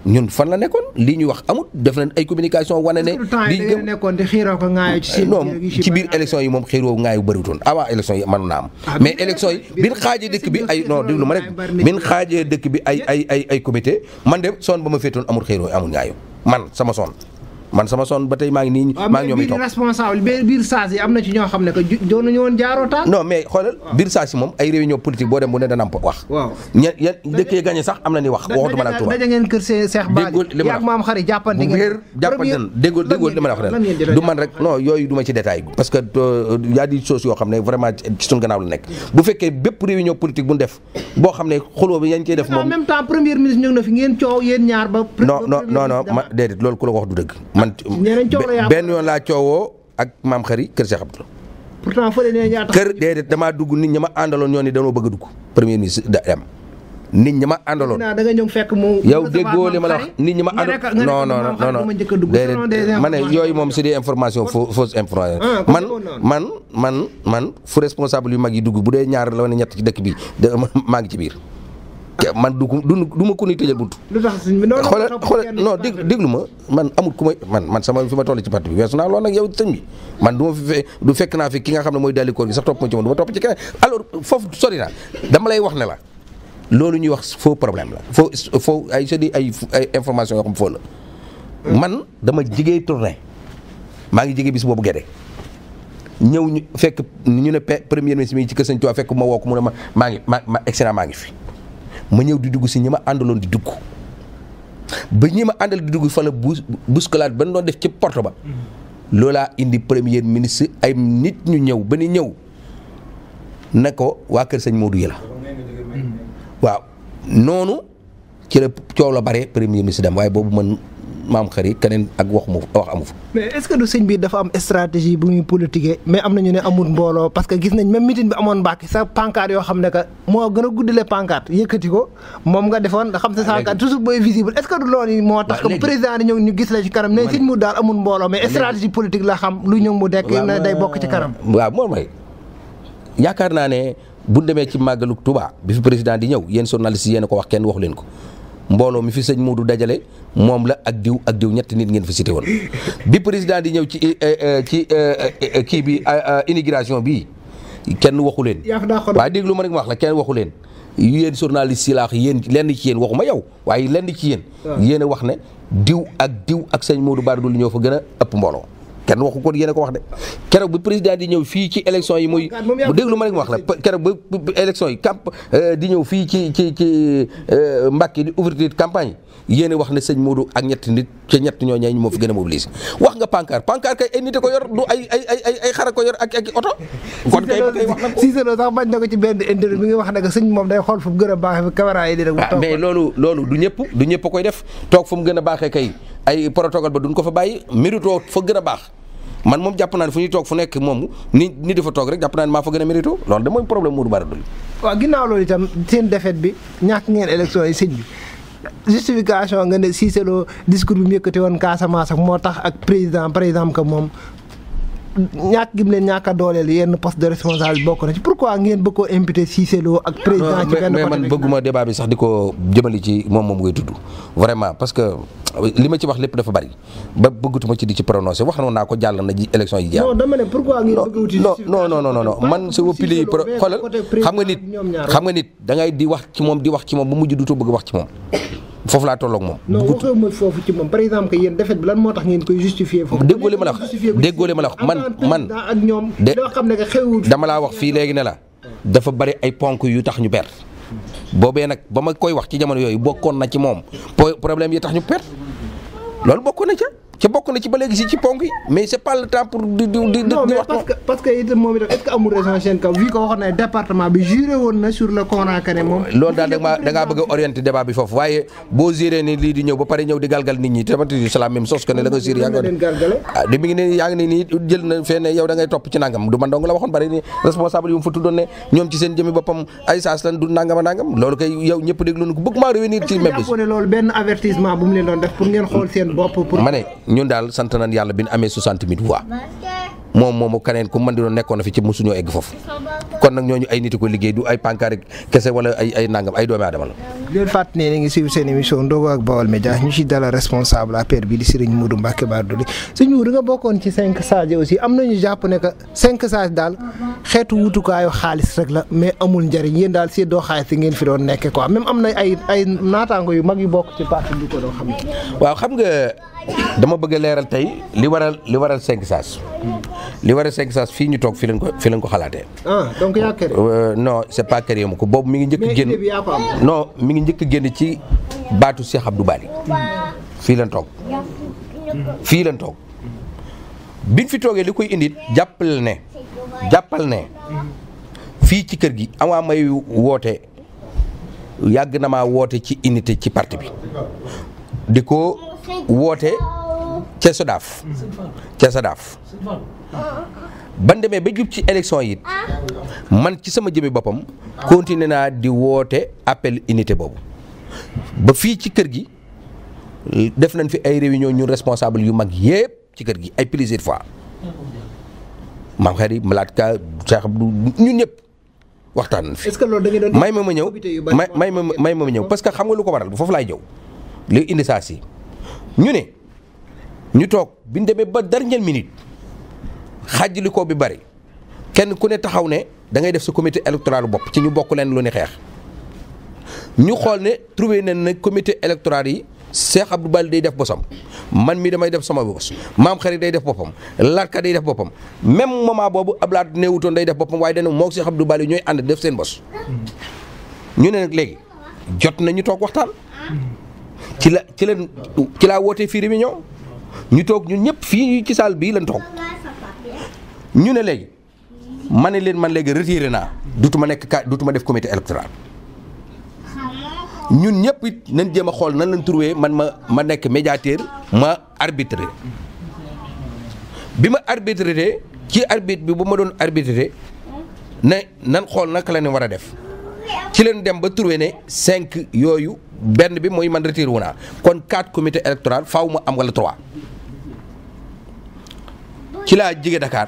ñun fan la nekkoon li ñuy wax amut def nañ ay communication wane ne. li ñu nekkoon di xiiroo ko ŋaayoo ci seen. biir élection yi moom xiiroo ŋaayoo bëriwutoon avant élection yi man naa am. Ah, mais élection yi bin xaajee dëkk bi ay non déglu ma rek bin xaajee dëkk bi ay ay ay ay man de son ba ma féetoon amul xiiroo amul ŋaayoo man sama son. man sama son ba tey maa ngi nii ah, maa ngi ñoom yi toog responsable biir saas yi am na ci ñoo xam ne que doon nañu woon jaaroo taal non mais xoolal ah. biir saas yi moom ay réunion politique boo dem du man rek non yooyu du ma ci détail parce que euh, y a des choses yoo xam ne vraiment ci suñu gannaaw la nekk bu fekkee bépp réunion politique bu ñu def boo xam ne xuloo bi yañ cey def moom temps premier ministre ñu ngi na fi ngeen coow yéen ñaar ba non non non non déedéet loolu ku la wax du dëgg man ah, benn yoon laa coowoo ak maam xari kër Cheikh Abdou. pourtant fële nee ñaata kër déedéet damaa dugg nit ñi ma àndaloon ñoo ne dañoo bëgg a dugg premier ministre da am. nit ñi ma àndaloon da nga ñëw fekk mu yow déggoo li ma la wax nit ñi ma àndaloon non non non non déedéet ma ne yooyu moom c'est des informations fausse information ah, man man man man fu responsable yu mag yi dugg bu dee ñaar la wane ñett ci dëkk bi maa ngi ci biir man du du du ma ku ni tëjal buntu. lu tax suñ bi noonu la déglu ma man amut ku may man man sama fi ma toll ci parti bi weesu naa loolu nag yow sëñ bi man du ma fekk naa fi ki nga xam ne mooy dalli koor gi sax topp ma ci man du foofu sori naa dama lay wax ne la loolu ñuy wax faux problème la faux faux ay je dis ay ay information yoo xam faux man dama jigee tourné maa ngi jigee bis boobu gede ñëw ñu fekk ñu ne premier ministre mi ci kër fekk ma woo ko mu ne ma maa ngi ma ma excellent maa ngi fi. ma ñëw di dugg si ñi ma àndaloon di dugg ba ñi ma àndal di dugg fa la bus bousculade ba doon def ci porte ba laa indi premier ministre ay nit ñu ñëw ba ni ñëw na ko waa Kër Sëñ Modou yi la waaw noonu ci la coow la bare premier ministre dem waaye boobu man. maam xari keneen ak wax mu wax amu fa. mais est-ce bi dafa am stratégie bu muy politiquer mais nañu ne amul mbooloo parce que gis nañ même meeting bi amoon Mbàkke sa pancarte yoo xam ne que moo gën a guddale pancarte yëkkati ko moom nga defoon xam sa sànqaat ah, toujours booy visible est-ce que du loolu moo tax que président di ñëw ñu gis la ci kanam ne sëñ mu daal amul mbooloo mais stratégie politique la xam lu ñëw mu dekk na day bokk ci kanam waaw moo may yaakaar naa ne bu demee ci màggalu Tuubaa bi fi président di ñëw yéen journaliste yéen ko wax kenn waxu leen mbooloo mi fi sëñ Moodu dajale moom la ak diw ak diw ñetti nit ngeen fi cité woon bi président di ñëw ci eh, eh, eh, ci kii bi inigration bi kenn waxu leen. waaye déglu ma rek ma wax la kenn waxu leen. yéen journaliste yi laax yéen lenn ci yéen ma yow waaye lenn ci yéen. Ah. yéen a wax ne diw ak diw ak sëñ Moodu Bara Dolly ñoo fa gën a ëpp mbooloo. kenn waxu ko yéen ko wax de keroog bu président di ñëw fii ci élection yi muy bu déglu ma rek ma wax la keroog bu élection yi camp euh, di ñëw fii ci ci ci euh, Mbàkke di ouverture campagne yéen a wax ne sëñ Modou ak ñetti nit ca ñett ñoo ñeeñ moo gën a mobiliser wax nga pancart pancart nit ko yor du ay ay ay ay kon kay wax na ko Cissé Lo sax bañ na wax ne sëñ moom day xool fu mu gën a baaxee ah, loolu loolu du ñëpp koy def toog fu mu gën a baaxee kay ay protocole ba duñ ko fa bàyyi mérito fa gën a baax man moom jàpp naa fu ñu toog fu nekk moom ni ni dafa toog rek jàpp naa maa fa gën a mérito loolu de mooy problème Modou Bara Dolly waaw ginnaaw loolu itam seen défaite bi ñàkk ngeen élection yi sëñ bi justification nga ne Cissé Lo discours bi mu yëkkati woon Casamance ak moo tax ak président par exemple que moom ñàkk gim leen ñàkk a dooleel yenn poste de responsable bokk na ci pourquoi ngeen bëgg koo imputer Cissé Lo ak président ci benn mais man bëgguma débat bi sax di ko jëmali ci moom moom ngay tudd vraiment parce que euh, li ma ci wax lépp dafa bari ba bëggatuma ci di ci prononcé wax noonu naa ko jàll na ji élection yi jaar non dama ne pourquoi ngeen bëgg wuti non non non non pro xam nga nit xam nga nit da ngay di wax ci moom di wax ci moom ba mujj duto bëgg wax ci moom foofu laa tolloog moom. non foofu ci moom par exemple yéen défaite bi lan moo tax ngeen koy justifier foofu. déggoo li ma la wax déggoo li ma la wax man man ak ñoom. dama laa wax fii léegi ne la. dafa bari ay ponk yu tax ñu perte. boobee nag ba ma koy wax ci jamono yooyu bokkoon na ci moom problème yi tax ñu perte loolu bokkoon na ca. ci bokk na ci ba léegi si ci ponk yi mais c'est pas le temps pour di di di. parce que parce que moom itam est-ce waxoon na département bi juré woon na sur le Coran que ne moom. loolu daal da bëgg a orienter débat bi waaye boo juré ni lii di ñëw ba pare ñëw di galgal nit ñi tamit c'est la même chose ne la nga yaa ngi ah, di nii jël na fee ne yow topp ci nangam du man dong la waxoon bari ni responsable yu mu fa ñoom ci seen jëmi boppam ay saas a nangam loolu kay ñun daal sant nañ yàlla bi ñu amee 60 000 voix moom moomu keneen ku mën di doon nekkoon na fi ci mosuñoo egg foofu kon nag ñooñu ay nit ko liggéey du ay pancarte kese wala ay ay nangam ay doomi aadama la. di leen fàttali ngi suivre seen émission Ndogo ak Baol Médias ñu ci dalal responsable APR bi di Serigne Modou nga bokkoon ci 5 sages aussi am nañu jàpp ne que 5 daal xeetu wutukaayu xaalis rek la mais amul njariñ yéen daal si séddoo xaalis yi ngeen fi doon nekkee ko même am na ay ay yu mag yu bokk ci parti bi ko doon xam. waaw xam nga. dama bëgg leeral tey li waral li waral cinq saas li waral cinq saas fii ñu toog fi lañ ko fi lañ ko xalaatee. Ah, donc yaa kër euh, non pas kër yemu ko boobu mi ngi njëkk génn non mi ngi njëkk génn ci baatu Cheikh du Bali fii lañ toog fii lañ toog biñ fi toogee li koy indit jàppal ne jàppal ne fii ci kër gi amaa may woote yàgg na maa woote ci unité ci parti bi di ko woote ca Sodaaf ca Sodaaf ban demee ba jub ci élection yit man ci sama jëmmi boppam continé naa di woote appel unité boobu ba fii ci kër gi def nañ fi ay réunion ñun responsable yu mag yëpp ci kër gi ay plusieurs fois maam xari malaat ka Cheikh Abdou ñun ñëpp waxtaan nañ fi. est-ce que loolu may ma ma ñëw may ma may ma ñëw parce que xam nga lu ko waral foofu laay jëw li indi saa si. ñu ne ñu toog bi ñu demee ba dernière minute xaajali ko bi bari kenn ku ne taxaw ne da ngay def sa comité électoral bopp ci ñu bokk leen lu ni xeex ñu xool ne trouvé nañ ne comité électoral yi Cheikh Abdou Bal day def bosam man mi damay def sama bos maam xarit day def boppam larka day def boppam même moment boobu Ablaat neewutoon day def boppam waaye dana moo Cheikh Abdou Bal yi ñooy ànd def seen bos ñu ne nag léegi jot na ñu toog waxtaan ci la ci la ci laa wootee fii réunion ñu toog ñun ñëpp fii ci salle bii lañ toog ñu ne léegi ma ne leen man léegi retiré naa dutuma nekk ka dutuma def comité électoral ñun ñëpp it nañ jéem a xool nan lañ trouvé man ma ma nekk médiateur ma arbitre bi ma arbitré ci arbitre bi bu ma doon arbitré ne nan xool naka la ñu war a def ci leen dem ba trouvé ne cinq yooyu. benn bi mooy man retiré wu naa kon quatre comité électoral faw ma am wala trois ci laa jige Dakar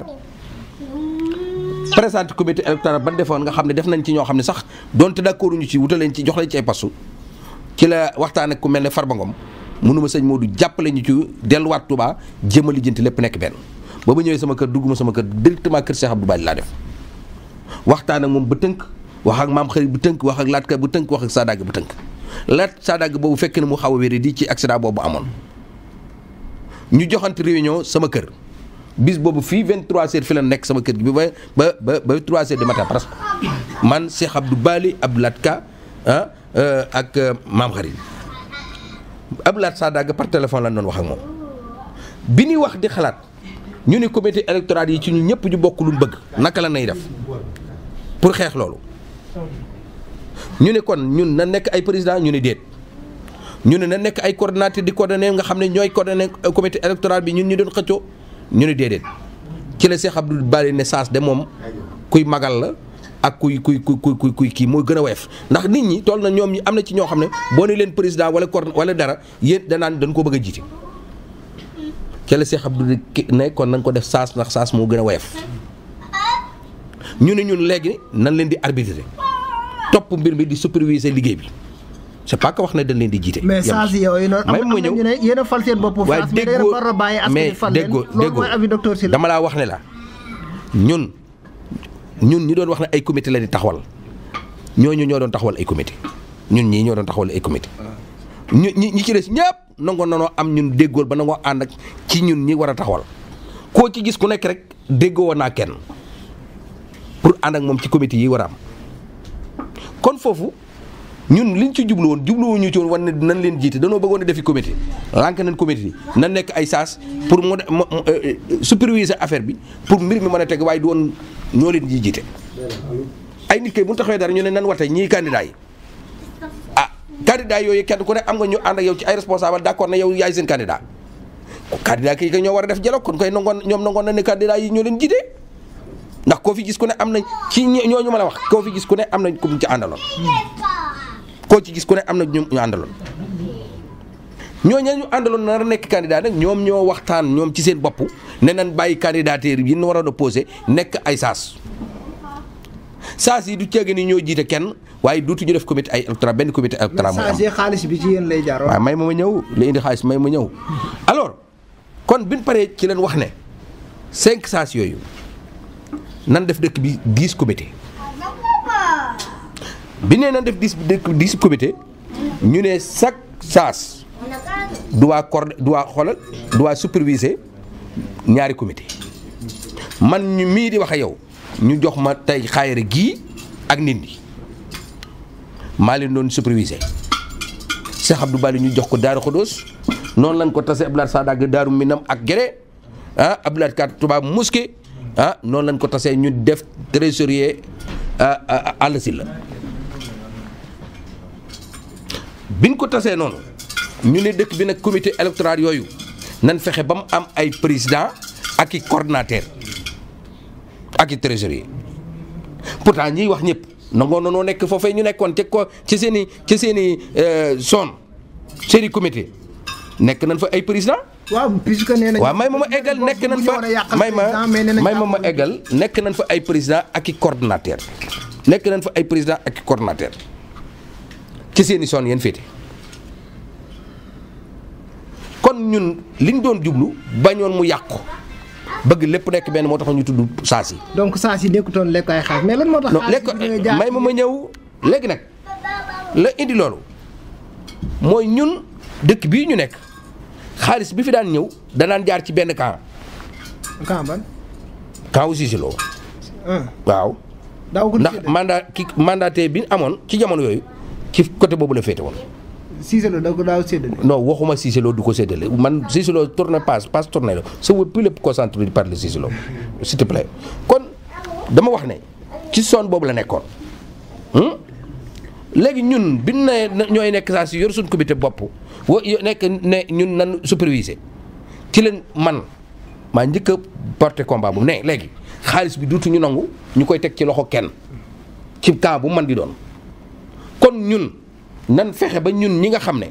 présente comité électoral ban defoon nga xam ne def nañ ci ñoo xam ne sax donte d'accord ñu ci wutaleen ci jox leen ci ay pastu la waxtaan ak ku mel ne Farba Ngom mënuma sëñ Modou jàppale ñu ci delluwaat Touba jéem a lijjanti lépp nekk benn ba ma ñëwee sama kër dugguma sama kër directement kër Cheikh Abdou Bali laa def waxtaan ak moom ba tënk wax ak maam xarit bu tënk wax ak laatkat bu tënk wax ak Sadak bu tënk. laat saa dagg boobu fekk na mu xaw a wéri di ci accident boobu amoon ñu joxante réunion sama kër bis boobu fii 23h fi la nekk sama kër gi bi ba ba ba 3h du matin presque man Cheikh Abdou Bali Abdou Lat Ka ah, euh, ak euh, maam xarit Abdou Lat Sadaga par téléphone lañ doon wax ak moom. bi ñuy wax di xalaat ñu ne comité électoral yi ci ñu ñëpp ñu bokk lu bëgg naka la nay def pour xeex loolu. ñu ne kon ñun na nekk ay président ñu ne déet ñu ne na nekk ay coordonnateur di coordonné nga xam ne ñooy coordonné comité électoral bi ñun ñu doon xëccoo ñu ne déedéet ci la Cheikh Bari ne saas de moom kuy magal la ak kuy kuy kuy kuy kuy kii mooy gën a weef ndax nit ñi toll na ñoom ñi am na ci ñoo xam ne boo ne leen président wala coordonné wala dara yéen danaan dañ ko bëgg a jiite ci la Cheikh Abdou nañ ko def saas ndax saas moo gën a weef ñu ne ñun léegi nan leen di arbitrer topp mbir mi di superviser liggéey bi c'est pas que wax na dañ leen di jiite. mais saa si yooyu noonu. am na ñu ne yéen a fal seen bopp. waaye déggoo mais déggoo déggoo dama laa wax ne la ñun ñun ñu doon wax ne ay comité la di taxawal ñoo ñu ñoo doon taxawal ay comité ñun ñii ñoo doon taxawal ay comité. ñu ñi ñi ci des ñëpp nangoo nanoo am ñun déggool ba nangoo ànd ak ci ñun ñi war a taxawal koo ci gis ku nekk rek déggoo naa kenn pour ànd ak moom ci comité yi war a am. kon foofu ñun liñ ci jublu woon jublu woon ñu ci woon wan ne nan leen jiite danoo bëggoon a defi comité rank nañ comité yi na nekk ay saas pour mu euh, euh, superviser affaire bi pour mbir mi mën a teg waaye du woon ñoo leen ji jiite ay nit kay bu tax taxawee dara ñu ne nan wate ñii candidat yi ah candidat yooyu kenn ku ne am nga ñu ànd ak yow ci ay responsable d'accord na yow yaay seen candidat candidat kii ñoo war a def dialogue kon koy nangoon ñoom nangoon na ne candidat ndax koo fi gis ku ne am na ci ñooñu ma la wax koo fi gis ku ne am na ku mu ci àndaloon koo ci gis ku ne am na ñu ñu àndaloon ñooñu ñu àndaloon nar nekk candidat nag ñoom ñoo waxtaan ñoom ci seen bopp ne nañ bàyyi candidature yi ñu waroon a nekk ay saas saas yi du ceege ni ñoo jiite kenn waaye duutu ñu def comité ay électoral benn comité électoral moo am xaalis bi ci yéen lay jaar waaw may ma ma ñëw la indi xaalis may ma ñëw alors kon biñ paree ci leen wax ne cinq saas yooyu nan def dëkk bi dix comités bi nee nan def bi dëkk diis comités ñu ne chaque saas doit corde doit xoolal duwaa superviser ñaari comité man ñu mii di wax a yow ñu jox ma tey xaayare gii ak nit ñi maa leen doon superviser Cheikh du Bali ñu jox ko Daaru Khodos noonu lañ ko tase Abdoulaye dagg Daaru Minam ak Gere ah Abdoulaye Kat Touba ah noonu lañ ko tasee ñu def trésorier Alla Sylla biñ ko tasee noonu ñu ne dëkk bi nag comité électoral yooyu nan fexe ba mu am ay président ak i coordonnateur ak i pour pourtant ñiy wax ñëpp na noo nekk foofee ñu nekkoon ca ko ci seen i ci seen i euh, zone seen nekk nañ fa ay président waaw puisque nee nañ may ma ma eggal nekk nañ fa may ma may ma ma eggal nekk nañ fa ay président ak i coordonnateur nekk nañ fa ay président ak i coordonnateur ci seeni i son yéen féete kon ñun li ñu doon jublu bañoon mu yàqu bëgg lépp nekk benn moo tax ñu tudd saa si donc saas yi nekkutoon lekk ay xaar mais lan moo tax. may ma ma ñëw léegi nag la indi loolu mooy ñun dëkk bii ñu nekk. xaalis bi fi daan ñëw danaan jaar ci benn camp. camp ban. camp wu Cissé Lo. waaw. ndax mandat ki mandaté bi amoon ci jamono yooyu ci côté boobu la féete woon. Cissé Lo da ko daaw séddale. non waxuma Cissé Lo du ko séddale man Cissé Lo tourne passe passe tourne la sa wër plus lépp concentré par le Cissé Lo s'il te plaît kon dama wax ne ci zone boobu la nekkoon. léegi ñun bi na ñooy nekk saa si yor suñ comité bopp. wo nekk ne ñun nan superviser ci leen man maa njëkk a porté combat bu ne léegi xaalis bi duutu ñu nangu ñu koy teg ci loxo kenn ci camp bu man di doon kon ñun nan fexe ba ñun ñi nga xam ne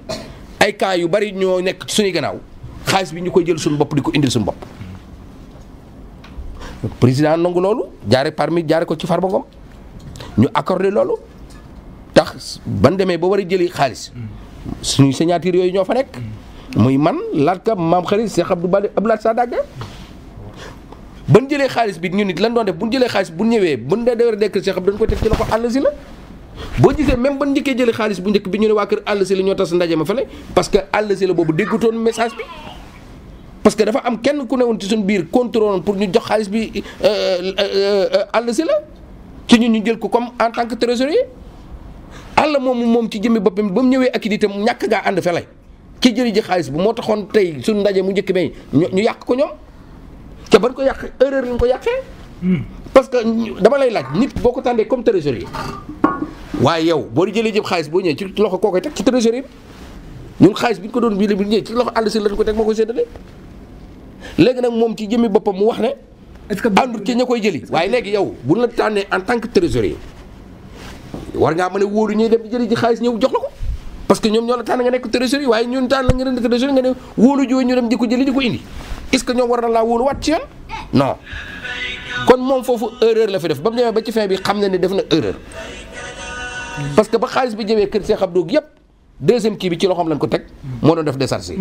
ay camp yu bari ñoo nekk suñuy gannaaw xaalis bi ñu koy jël suñu bopp di ko indil suñu bopp président nangu loolu jaare parmi jaare ko ci Farba Ngom ñu accordé loolu tax ban demee ba war a jëli xaalis suñu signature yooyu ñoo fa nekk muy man Latka maam xarit Cheikh Abdou Bali Abdoulaye Sadaga ban jëlee xaalis bi ñu nit lan doon def bu ñu jëlee xaalis bu ñëwee bu ñu dee dekk Cheikh Abdou dañ ko teg ci la ko àll la. boo gisee même ban njëkkee jëlee xaalis bu njëkk bi ñu ne waa kër àll si la ñoo tas ndaje ma fële parce que la boobu déggutoon message bi. parce que dafa am kenn ku ne woon ci suñu biir contrôle pour ñu jox xaalis bi euh, euh, euh, àll si la ci ñun ñu jël ko comme en tant que trésorier. àll moom moom ci jëmmi boppam ba mu ñëwee ak itam ñàkk ngaa ànd felay ci jëri ji xaalis bi moo taxoon tey suñu ndaje mu njëkk may ñu yàq ko ñoom te ban ko yàq erreur lañ ko yàqee. Hmm. parce que dama lay laaj nit boo ko tànnee comme trésorier waaye yow boo jëlee jëm xaalis boo ñëwee ci loxo koo koy teg ci trésorier bi ñun xaalis bi ñu ko doon biile bi ñëwee ci loxo àll si lañ ko teg moo ko séddale léegi nag moom ci jëmmi boppam mu wax ne. est-ce que àndut ci ña koy jëli. waaye léegi yow bu la tànnee en tant que trésorier war ngaa mën a wóolu ñuy dem di jëli ji xaalis ñëw jox la ko parce que ñoom ñoo la tànn nga nekk trésorier waaye ñun tànn la nga nekk trésorier nga ne wóolu jiw ñu dem di ko jëli di ko indi est-ce que ñoom war na laa wóolu waat ci yoon non kon moom foofu erreur la fi def ba mu demee ba ci fin bi xam ne ne def na erreur parce que ba xaalis bi jëwee kër Cheikh doog yëpp deuxième kii bi ci loxoom lañ ko teg moo doon def décharge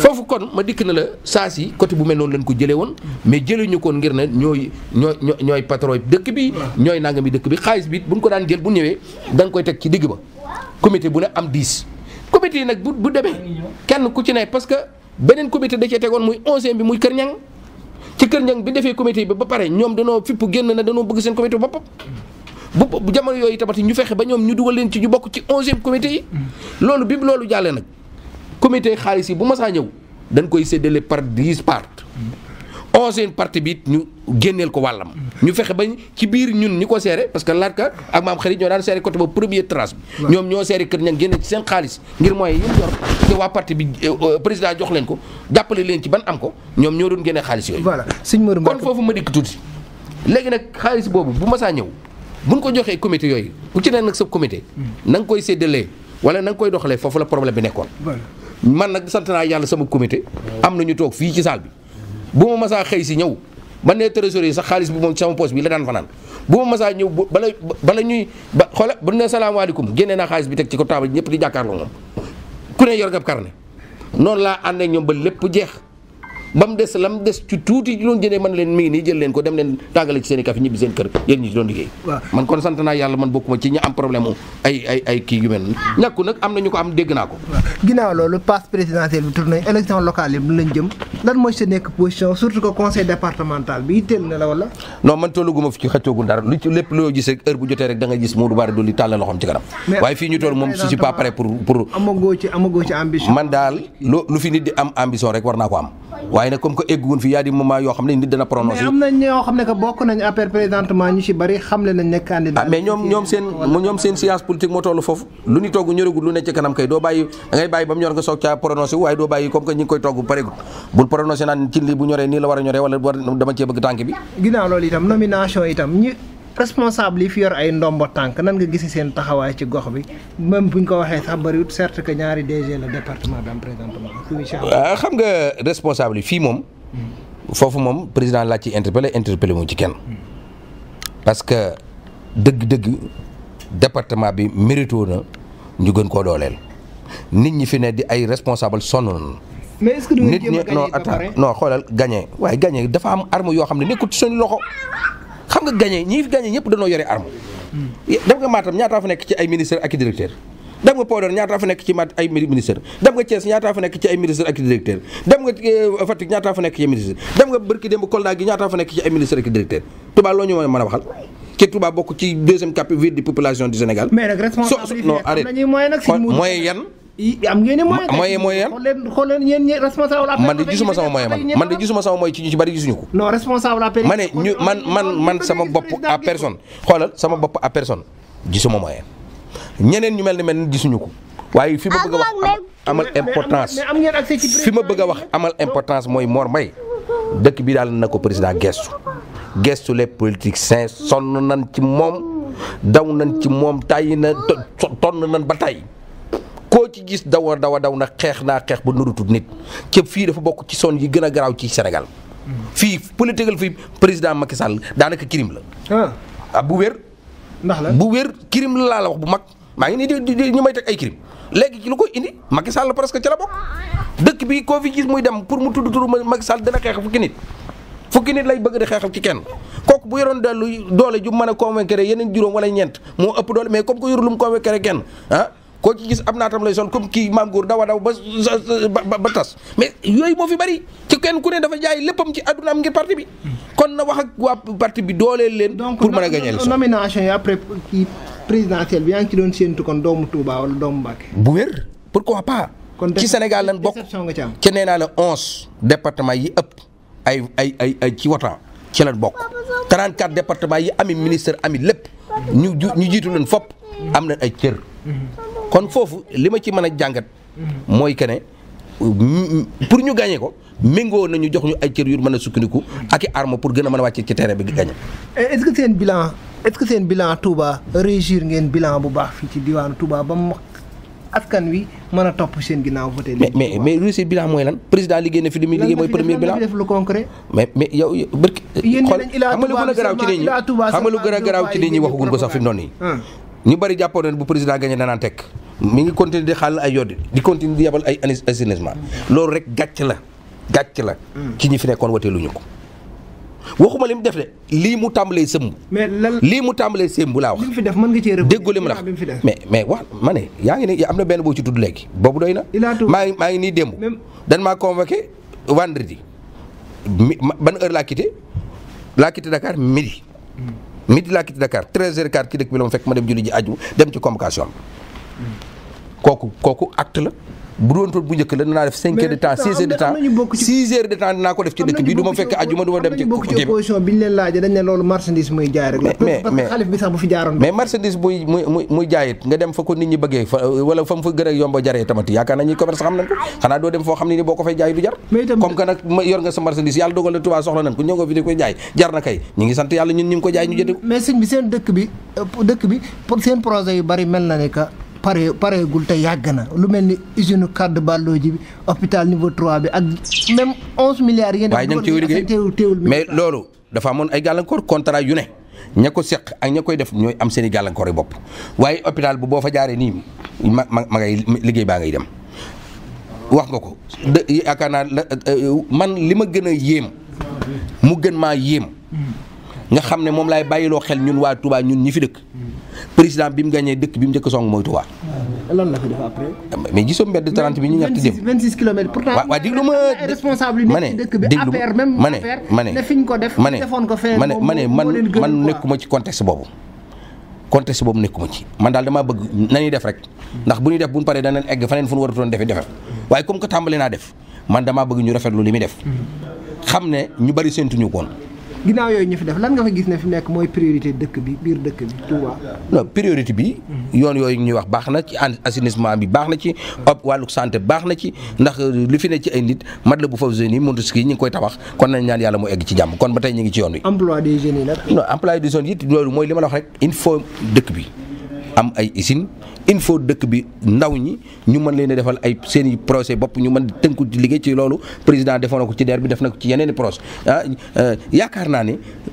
foofu kon ma dikk na la saa si côté bu mel noonu lañ ko jëlee woon mais jëlee ñu koon ngir na ñooy ñooy ñooy patron dëkk bi ñooy nangami dëkk bi xaalis bi bu ñu ko daan jël bu ñëwee dañ koy teg ci digg ba comité bu ne am 10 comité yi nag bu bu demee kenn ku ci ne parce que beneen comité da cee tegoon muy onzième bi muy Kër Ñang ci Kër Ñang bi defee comité yi ba pare ñoom danoo fipp génn na danoo bëgg seen comité boppam bu bu jamono yooyu tamati ñu fexe ba ñoom ñu dugal leen ci ñu bokk ci onzième comité yi. loolu bi loolu jàllee nag comité xaalis yi bu masaa ñëw dañ koy séddale par dix part onzième partie bi it ñu génneel ko wàllam. ñu fexe bañ ci biir ñun ñu ko seere parce que Latka ak maam xarit ñoo daan seere côté ba première trace ñoom ñoo seere kër ña génne ci seen xaalis ngir mooy yi yor te waa parti bi euh, euh, président jox leen ko jàppale leen ci ban am ko ñoom ñoo doon xaalis voilà sëñ Modou kon foofu ma dikk tuuti léegi nag xaalis boobu bu masaa ñëw. bu buñ ko joxee comité yooyu ku ci ne nag sa comité. Hmm. na koy séddalee wala na koy doxalee foofu la problème bi nekkoon. man nag sant naa yàlla sama comité. am na ñu toog fii ci saal bi. bu ma masaa xëy si ñëw man nee trésorier sa xaalis bi moom sama poche bi la daan fanaan bu ma masaa ñëw bala bala ñuy ba xoola ba ne salaamaaleykum génnee naa xaalis bi teg ci ko taabal ñëpp di jàkkaarloo moom ku ne yor nga carnet noonu laa ànd ak ñoom ba lépp jeex. ba mu des la mu des ci tuuti ñu jëndee man leen mi ngi nii jël leen ko dem leen tàggale ci seen i café ñibbi seen kër yéen ñi am problème nag am na ñu ko am dégg naa ko ginnaaw loolu passe présidentielle bi tourné élection locale yi bu lañ jëm lan mooy sa nekk position surtout que conseil départemental bi itteel na la wala non man tolluguma fi ci xëccoogul dara lu lépp loo gisee heure bu jotee rek da nga gis Modou Bara Dolly tàllal loxoom ci kanam waaye fii ñu toll war naa ko waaye nag comme que egguwun fi yaa di moment yoo xam ne nit dana prononcé. mais na xam ne que bokk nañ APR présentement ñu ci bari xamle nañ ne candidat. Ah, mais ñoom ñoom seen ñoom seen moo toll foofu lu ñu togg ñoragul lu ne ci kanam kay doo bàyyi da bàyyi ba mu ñor nga soog caa prononcé wu waaye doo bàyyi comme que ñi koy togg paregul bul prononcé naan ci lii bu ñoree nii la war a ñoree wala dama cee bëgg tànk bi. ginnaaw loolu itam responsable yi fi yor ay ndombo tànk nan nga gisee seen taxawaay ci gox bi même bu ñu ko waxee sax bëriwut certes que ñaari DG la département bi am présentement. Euh, nga responsable fii moom. Hmm. foofu moom président laa ci interpellé interpellé mu ci kenn. Hmm. que dëgg-dëgg département bi mérito na ñu gën koo dooleel nit ñi fi ne di ay responsable sonn nañu. mais est-ce que nit ñi non attends non xoolal gagné waaye gagné dafa am arme yoo xam ne nekkul ci suñu loxo. xam nga gagné ñi fi gagné ñëpp danoo yore arme dem nga Matam ñaataa fa nekk ci ay ministre ak i directeur nga Podor ñaataa fa nekk ci mat ay ministre dem nga Thiès nekk i directeur dem nga Fatick ñaataa nekk ci ministre gi ñaataa fa nekk ci ay ministre ak i directeur Touba loo ñu mën a waxal ci Touba bokk ci deuxième capitale de population du Sénégal. mais nag responsabilité am nañu moyen am ngeen moyen moyen mooy yan xool leen man de gisuma sama moyen man man de gisuma sama moyen ci ñu ci bari gisuñu ko non responsable APR ma ne ñu man man man sama bopp à personne xoolal sama bopp à personne gisuma moyen ñeneen ñu mel ne mel ni gisuñu ko waaye fi ma bëgg a wax amal importance fi ma bëgg a wax amal importance mooy Mor may dëkk bi daal na ko président gestu gestu les politiciens sonn nañ ci moom daw nañ ci moom tàyyi na tonn nañ ba tàyyi koo ci gis daw daw daw na xeex naa xeex ba nurutut nit cëb fii dafa bokk ci son yi gën a garaaw ci Sénégal fii politique fi président Macky Sall daanaka kirim la. Ah. ah bu wér. ndax la bu wér crime laa la wax bu mag maa ngi nii di di ñu may teg ay crime léegi ci lu koy indi Macky Sall presque ca la bokk dëkk bi koo fi gis muy dem pour mu tudd turu Macky Sall dina xeex fukki nit. fukki nit lay bëgg di xeexal ci kenn kooku bu yoroon dellu doole ju mën a convaincre yeneen juróom wala ñeent moo ëpp doole mais comme ko yorul lu mu convaincre ah, koo ci gis am naa tam lay sol comme kii maam góor daw a daw ba ba tas mais yooyu moo fi bari ci kenn ku ne dafa jaay léppam ci àddunaam ngir parti bi kon na wax ak waa parti bi dooleel leen pour mën a gagner donc nomination yi après présidentielle bi yaa ngi ci doon séentu kon doomu Touba wala doomu Mbacké bu wér pourquoi pas ci Sénégal lan bokk ci nee naa la onze département yi ëpp ay ay ay ay ci wotaan ci lan bokk 34 département yi ami ministre ami lépp ñu ñu jiitu leen fopp am nañ ay cër mhm. kon foofu li ma ci mën a jàngat. mooy que ne pour ñu gagné ko méngoo nañu jox ñu ay cër yu mën a sukkandiku ak i arme pour gën a mën a wàcc ci terrain bi gagné. est-ce seen bilan est seen bilan Touba réussir ngeen bilan bu baax fii ci diwaanu Touba ba mu askan wi mën a topp seen ginnaaw voté. mais mais mais réussir bilan mooy lan président liggéey na fi li muy liggéey mooy premier bilan def lu concret. mais mais lu gën a garaaw ci nit ñi xam lu gën a garaaw ci nit mi ngi continuer di xàll ay yoddi di continuer di yabal ay assainissement loolu rek gàcc la gàcc la mm. ci ñi fi nekkoon lu ñu ko waxuma li mu def de lii mu tàmbalee sëmb mais lan lii mu tàmbalee sëmb laa wax. li fi def mën nga cee rëbb déggu li mu la wax mais mais wax ma ne yaa ngi ne am na benn boo ci tudd léegi boobu doy na. maa ngi maa ngi nii démb. dan maa convoqué vendredi. mi ban heure laa quitté laa quitté Dakar midi. Mm. midi laa quitté Dakar 13h15 ci dëkk bi la ma dem julli ji aju dem ci convocation bi. kooku kooku acte la bu doon bu njëkk la dinaa def cinq heures de temps six heures de temps six heures de temps dinaa bi seen dëkk bi dëkk bi seen projet yu bari mel na ne pare pareegul te yàgg na lu mel ni usine cadre ballooji bi hôpital niveau 3 bi ak même 11 milliards. yi ngeen di teewul teewul mais loolu dafa amoon ay gàllankoor contrat yu ne ña ko seq ak ña koy def ñooy am seen i gàllankoor bopp waaye hôpital bu boo fa jaaree nii ma ma ma ngay liggéey baa ngay dem. wax nga ko yaakaar naa euh, euh, man li ma gën a yéem mu gën maa yéem. nga xam ne moom laay bàyyiloo xel ñun waa Touba ñun ñi fi dëkk président bi mu gagné dëkk bi mu njëkk song mooy Touba. Ah, lan la fi def après. mais gisoo mbedd 30 bi ñu ñàkk dem 26 kilomètres pourtant. ko def ma ne ma ne man man nekkuma ci contexte boobu. contexte boobu nekkuma ci man daal damaa bëgg nañuy def rek ndax bu ñuy def bu ñu paree danañ egg faneen fu ñu war a doon defee defar waaye comme que tàmbali naa def man damaa bëgg ñu rafetlu li muy def hmm. xam ne ñu bari séntuñu koon ginnaaw yooyu ñu fi def lan nga fa gis ne fi nekk mooy priorité dëkk bi biir dëkk bi Touba. non priorité bi yoon yooyu ñuy wax baax na ci assainissement bi baax na ci op wàllu santé baax na ci ndax euh, li fi ne ci ay nit mat la bu fa jeunes yi mëntu ski ñi ngi koy tabax kon nañ ñaan yàlla mu egg ci jàmm kon ba tey ñu ngi ci yoon wi. emploi des jeunes yi nag. non emploi yi mooy li ma la wax rek il dëkk bi am ay usine il faut dëkk bi ndaw ñi ñu mën leen defal ay seen i projet bopp ñu mën tënku ci liggéey ci loolu président defoon ko ci DER bi def na ko ci yeneen i projet ah euh, yaakaar naa ne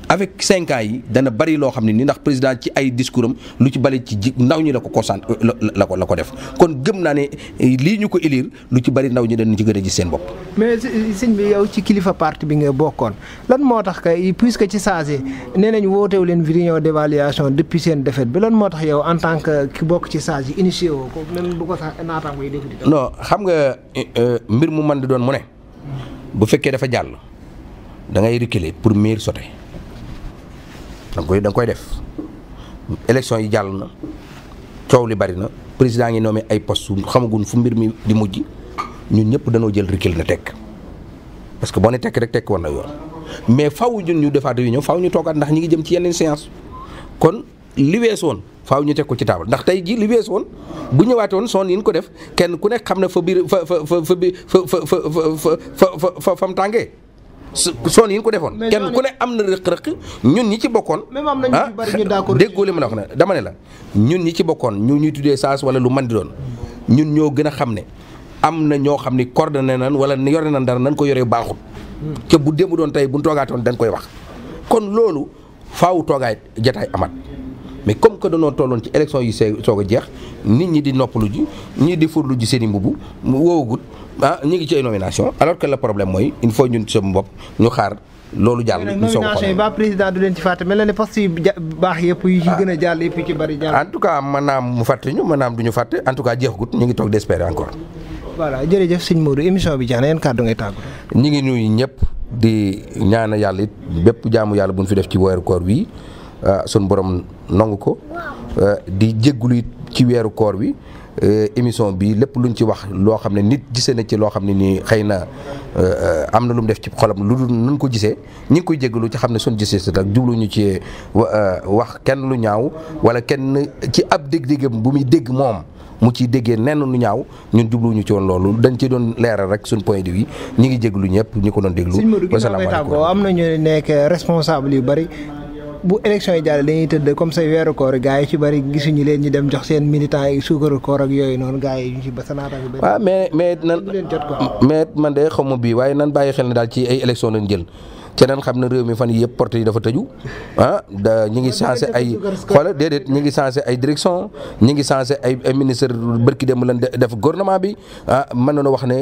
avec 5 ans yi dana bari loo xam ne ni ndax président ci ay discours am lu ci bari ci ji ndaw ñi la ko concentré euh, la ko la ko def kon gëm naa ne euh, lii ñu ko élire lu ci bari ndaw ñi dañu ci gën a gis seen bopp. mais sëñ bi yow ci kilifa parti bi ngay bokkoon lan moo tax ka kay puisque ci saa si nee nañ wootewu leen réunion d'évaluation depuis seen défaite bi lan moo tax yow en tant que ki bokk ci saa si initié woo ko même bu ko sax naataango yi def di non xam nga eh, eh, mbir mu mën di doon mu ne. bu fekkee dafa jàll da ngay reculer pour mieux sauter da nga koy da nga koy def élection yi jàll na coow li bari na président ngi nommé ay post xamaguñ fu mbir mi di mujj. ñun ñëpp danoo jël recul na tekk parce que boo ne tekk rek tekk war na yoon mais faw ñun ñu defaat ñëw faw ñu toogaat ndax ñu ngi jëm ci yenn séance kon li wees woon faw ñu teg ko ci taabal ndax tey jii li wees woon bu ñëwaate woon son yi ñu ko def kenn ku nekk xam na fa biir fa fa fa fa fa fa fa mu tàngee. son yi ko defoon kenn ku ne am na rëq-rëq ñun ñi ci bokkoon ah déggoo li ma la wax ne dama ne la ñun ñi ci bokkoon ñu ñuy tuddee saas wala lu man di doon ñun ñoo gën a xam ne am na ñoo xam ni coordonné nan wala yore nan dara nan ko yoree baaxul. ca hmm. bu démb doon tey bu ñu toogaatoon dañ koy wax. kon loolu faaw toogaay jataay amat mais comme que danoo tolloon ci élection yi see soog jeex nit ñi di noppalu ji ñii di furlu ji seen i mbubu mu woowagut ah ñu ngi ci ay nomination alors que le problème mooy il faut ñun sa bopp ñu xaar. loolu jàll ñu soog a ba président du leen ci fàtte mel na ne poste yu baax yëpp yi ci ah. gën a jàll ñu maanaam tout cas jeexagut ñu ngi toog voilà jërëjëf sëñ Modou émission bi jeex na yéen kàddu ngay tàggu. ñu ngi nuyu ñëpp di ñaana yàlla it bépp jaamu yàlla bu ñu fi def ci weeru koor wi ah, suñ borom nangu ko ah, di jéggulu it ci weeru koor wi. Eh, émission bi lépp luñ ci wax loo xam ne nit gisee na ci loo xam ne nii xëy na eh, am na lu mu ci xolam lu nuñ ko gisee ñi koy jégalu ci xam ne suñ gisee si rek jubluñu ci eh, wax kenn lu ñaaw wala kenn ci ab dégg-déggam bu muy dégg moom. mu ciy déggee nenn nu ñaaw ñun jubluwuñu ci woon loolu dañ ci doon leeral rek suñu point de vue ñi ngi lu ñëpp ñu ko doon déglu wasalaamaaleykum am na ñu nekk responsable yu bari bu élection yi jàll dañuy tëdd comme say weeru koor gars yi ci bëri gisuñu leen ñu dem jox seen militant yi suukaru koor ak yooyu noonu gars yi ñu ci ba sanaat ak bëri waaw mais mais nan mais man de xaw ma bii waaye nan bàyyi xel ne daal ci ay élection lañ jël ci xam ne réew mi fan yëpp porte yi dafa tëju ah da ñu ngi changé ay xoola déedéet ñu ngi changé ay direction ñu ngi changé ay ay ministre bërki dem lan def gouvernement bi ah mën nañu wax ne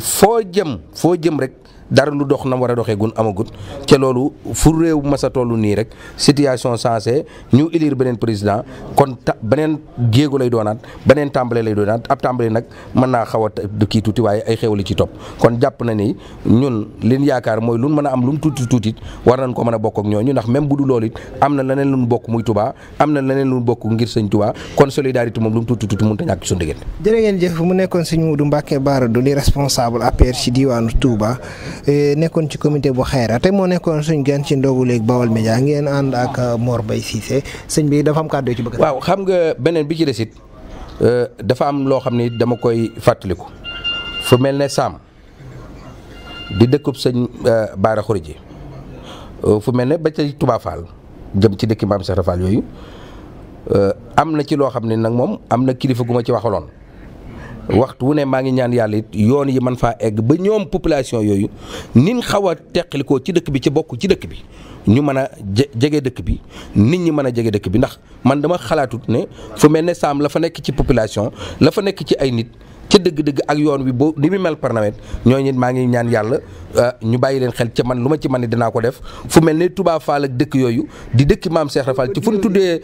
foo jëm foo jëm rek dara lu dox na war a doxee gun amagut ca loolu fu réew masa toll nii rek situation sensée ñu élire beneen président kon ta beneen jéego lay doonaat beneen tàmbale lay doonaat ab tàmbale nag mën naa xaw a kii tuuti waaye ay xew li ci topp kon jàpp na ni ñun liñ yaakaar mooy lu mën a am lu mu tuuti tuuti war nañ ko mën a bokk ñoo ñu ndax même bu du loolu am na neen lu mu bokk muy Touba am na leneen lu mu bokk ngir sëñ Touba kon solidarité moom lu tuuti tuuti mënut mu nekkoon sëñ Modou Mbacké Bara Dolly responsable APR ci diwaanu Touba. Eh, nekkoon ci comité bu xayra te moo nekkoon suñ gan ci ndogu léegi Baol Média ngeen ànd ak euh, Mor bay Cissé sëñ bi dafa am kàddu ci bëgg. waaw xam nga beneen bi ci desit euh, dafa am loo xam ni dama koy fàttaliku fu mel ne Saam di dëkkub sëñ euh, Baara Xuriji fu mel ne ba ca Touba Fall jëm ci dëkk maam Cheikh Fall yooyu am na ci loo xam ne nag moom am na kilifa gu ma ci waxaloon. waxtu wu ne maa ngi ñaan yàlla it yoon yi man faa egg ba ñoom population yooyu nin xaw a teqalikoo ci dëkk bi ci bokk ci dëkk bi ñu mën a jege dëkk bi nit ñi mën a jege dëkk bi ndax man dama xalaatu ne fu mel ne saam la fa nekk ci population la fa nekk ci ay nit ci dëgg-dëgg ak yoon wi boo li mu mel par nawet ñooñu it maa ngi ñaan yàlla euh, ñu bàyyi leen xel ci man lu ma ci man dinaa ko def fu mel ne tubaab Fall ak dëkk yooyu di dëkk maam Cheikh Rafal ci fu ñu tuddee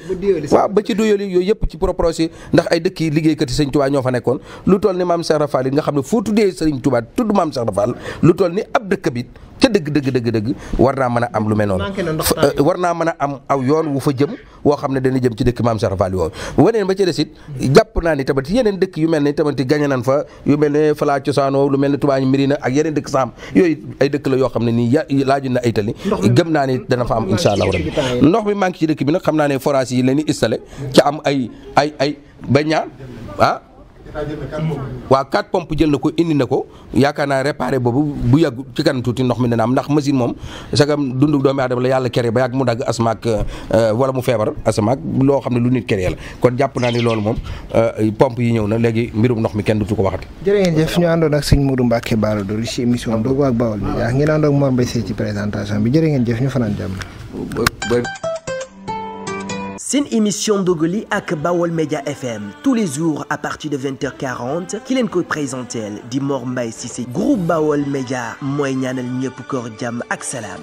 waaw ba ci doyoli yooyu yëpp ci proprocé ndax ay dëkk yi liggéeykat yi sëñ Touba ñoo fa nekkoon lu toll ni maam Cheikh Rafal yi nga xam ne foo tuddee sëñ Touba tudd maam Cheikh Rafal lu toll ni ab dëkk bi ca dëgg dëgg dëgg dëgg war naa man a am lu mel noonu euh, war naa man a am aw yoon wu fa jëm woo xam ne dana jëm ci dëkk maam Cheikh Fall yooyu waneen ba ca desit jàpp naa ni tamit yeneen dëkk yu mel ne tamit gañe nan fa yu mel ne Fala cosaanoo lu mel ne Touba Mirina ak yeneen dëkk saam yooyu ay dëkk la yoo xam ne nii laaju na ay tali gëm naa ni dana fa am insha allah rabbi ndox mi manqué ci dëkk bi nag xam naa ne forage yi leen installé ca am ay ay ay waaw quatre pompes jël na ko indi na ko yaakaar naa réparé boobu bu yàgg ci kanam tuuti ndox mi dina am ndax machine moom sagam dundu doomu aadama la yàlla kere ba yàgg mu dagg asmaak euh, wala mu feebar asmaak loo xam ne lu nit kere la kon jàpp naa ni loolu moom euh, pompe yi ñëw na léegi mbirum ndox mi kenn dutu ko waxati. jërë ngeen jëf ñu àndoon ak sëñ Modou Mbacke Bara bi jërë ngeen jëf ñu fanaan jàmm seen émission Ndogali ak Bawol Média FM tous les jours à partir de 20h40 ki leen koy présentel di Mor Mbaye Cissé groupe Bawol Média mooy ñaanal ñëpp koor jàmm ak salaam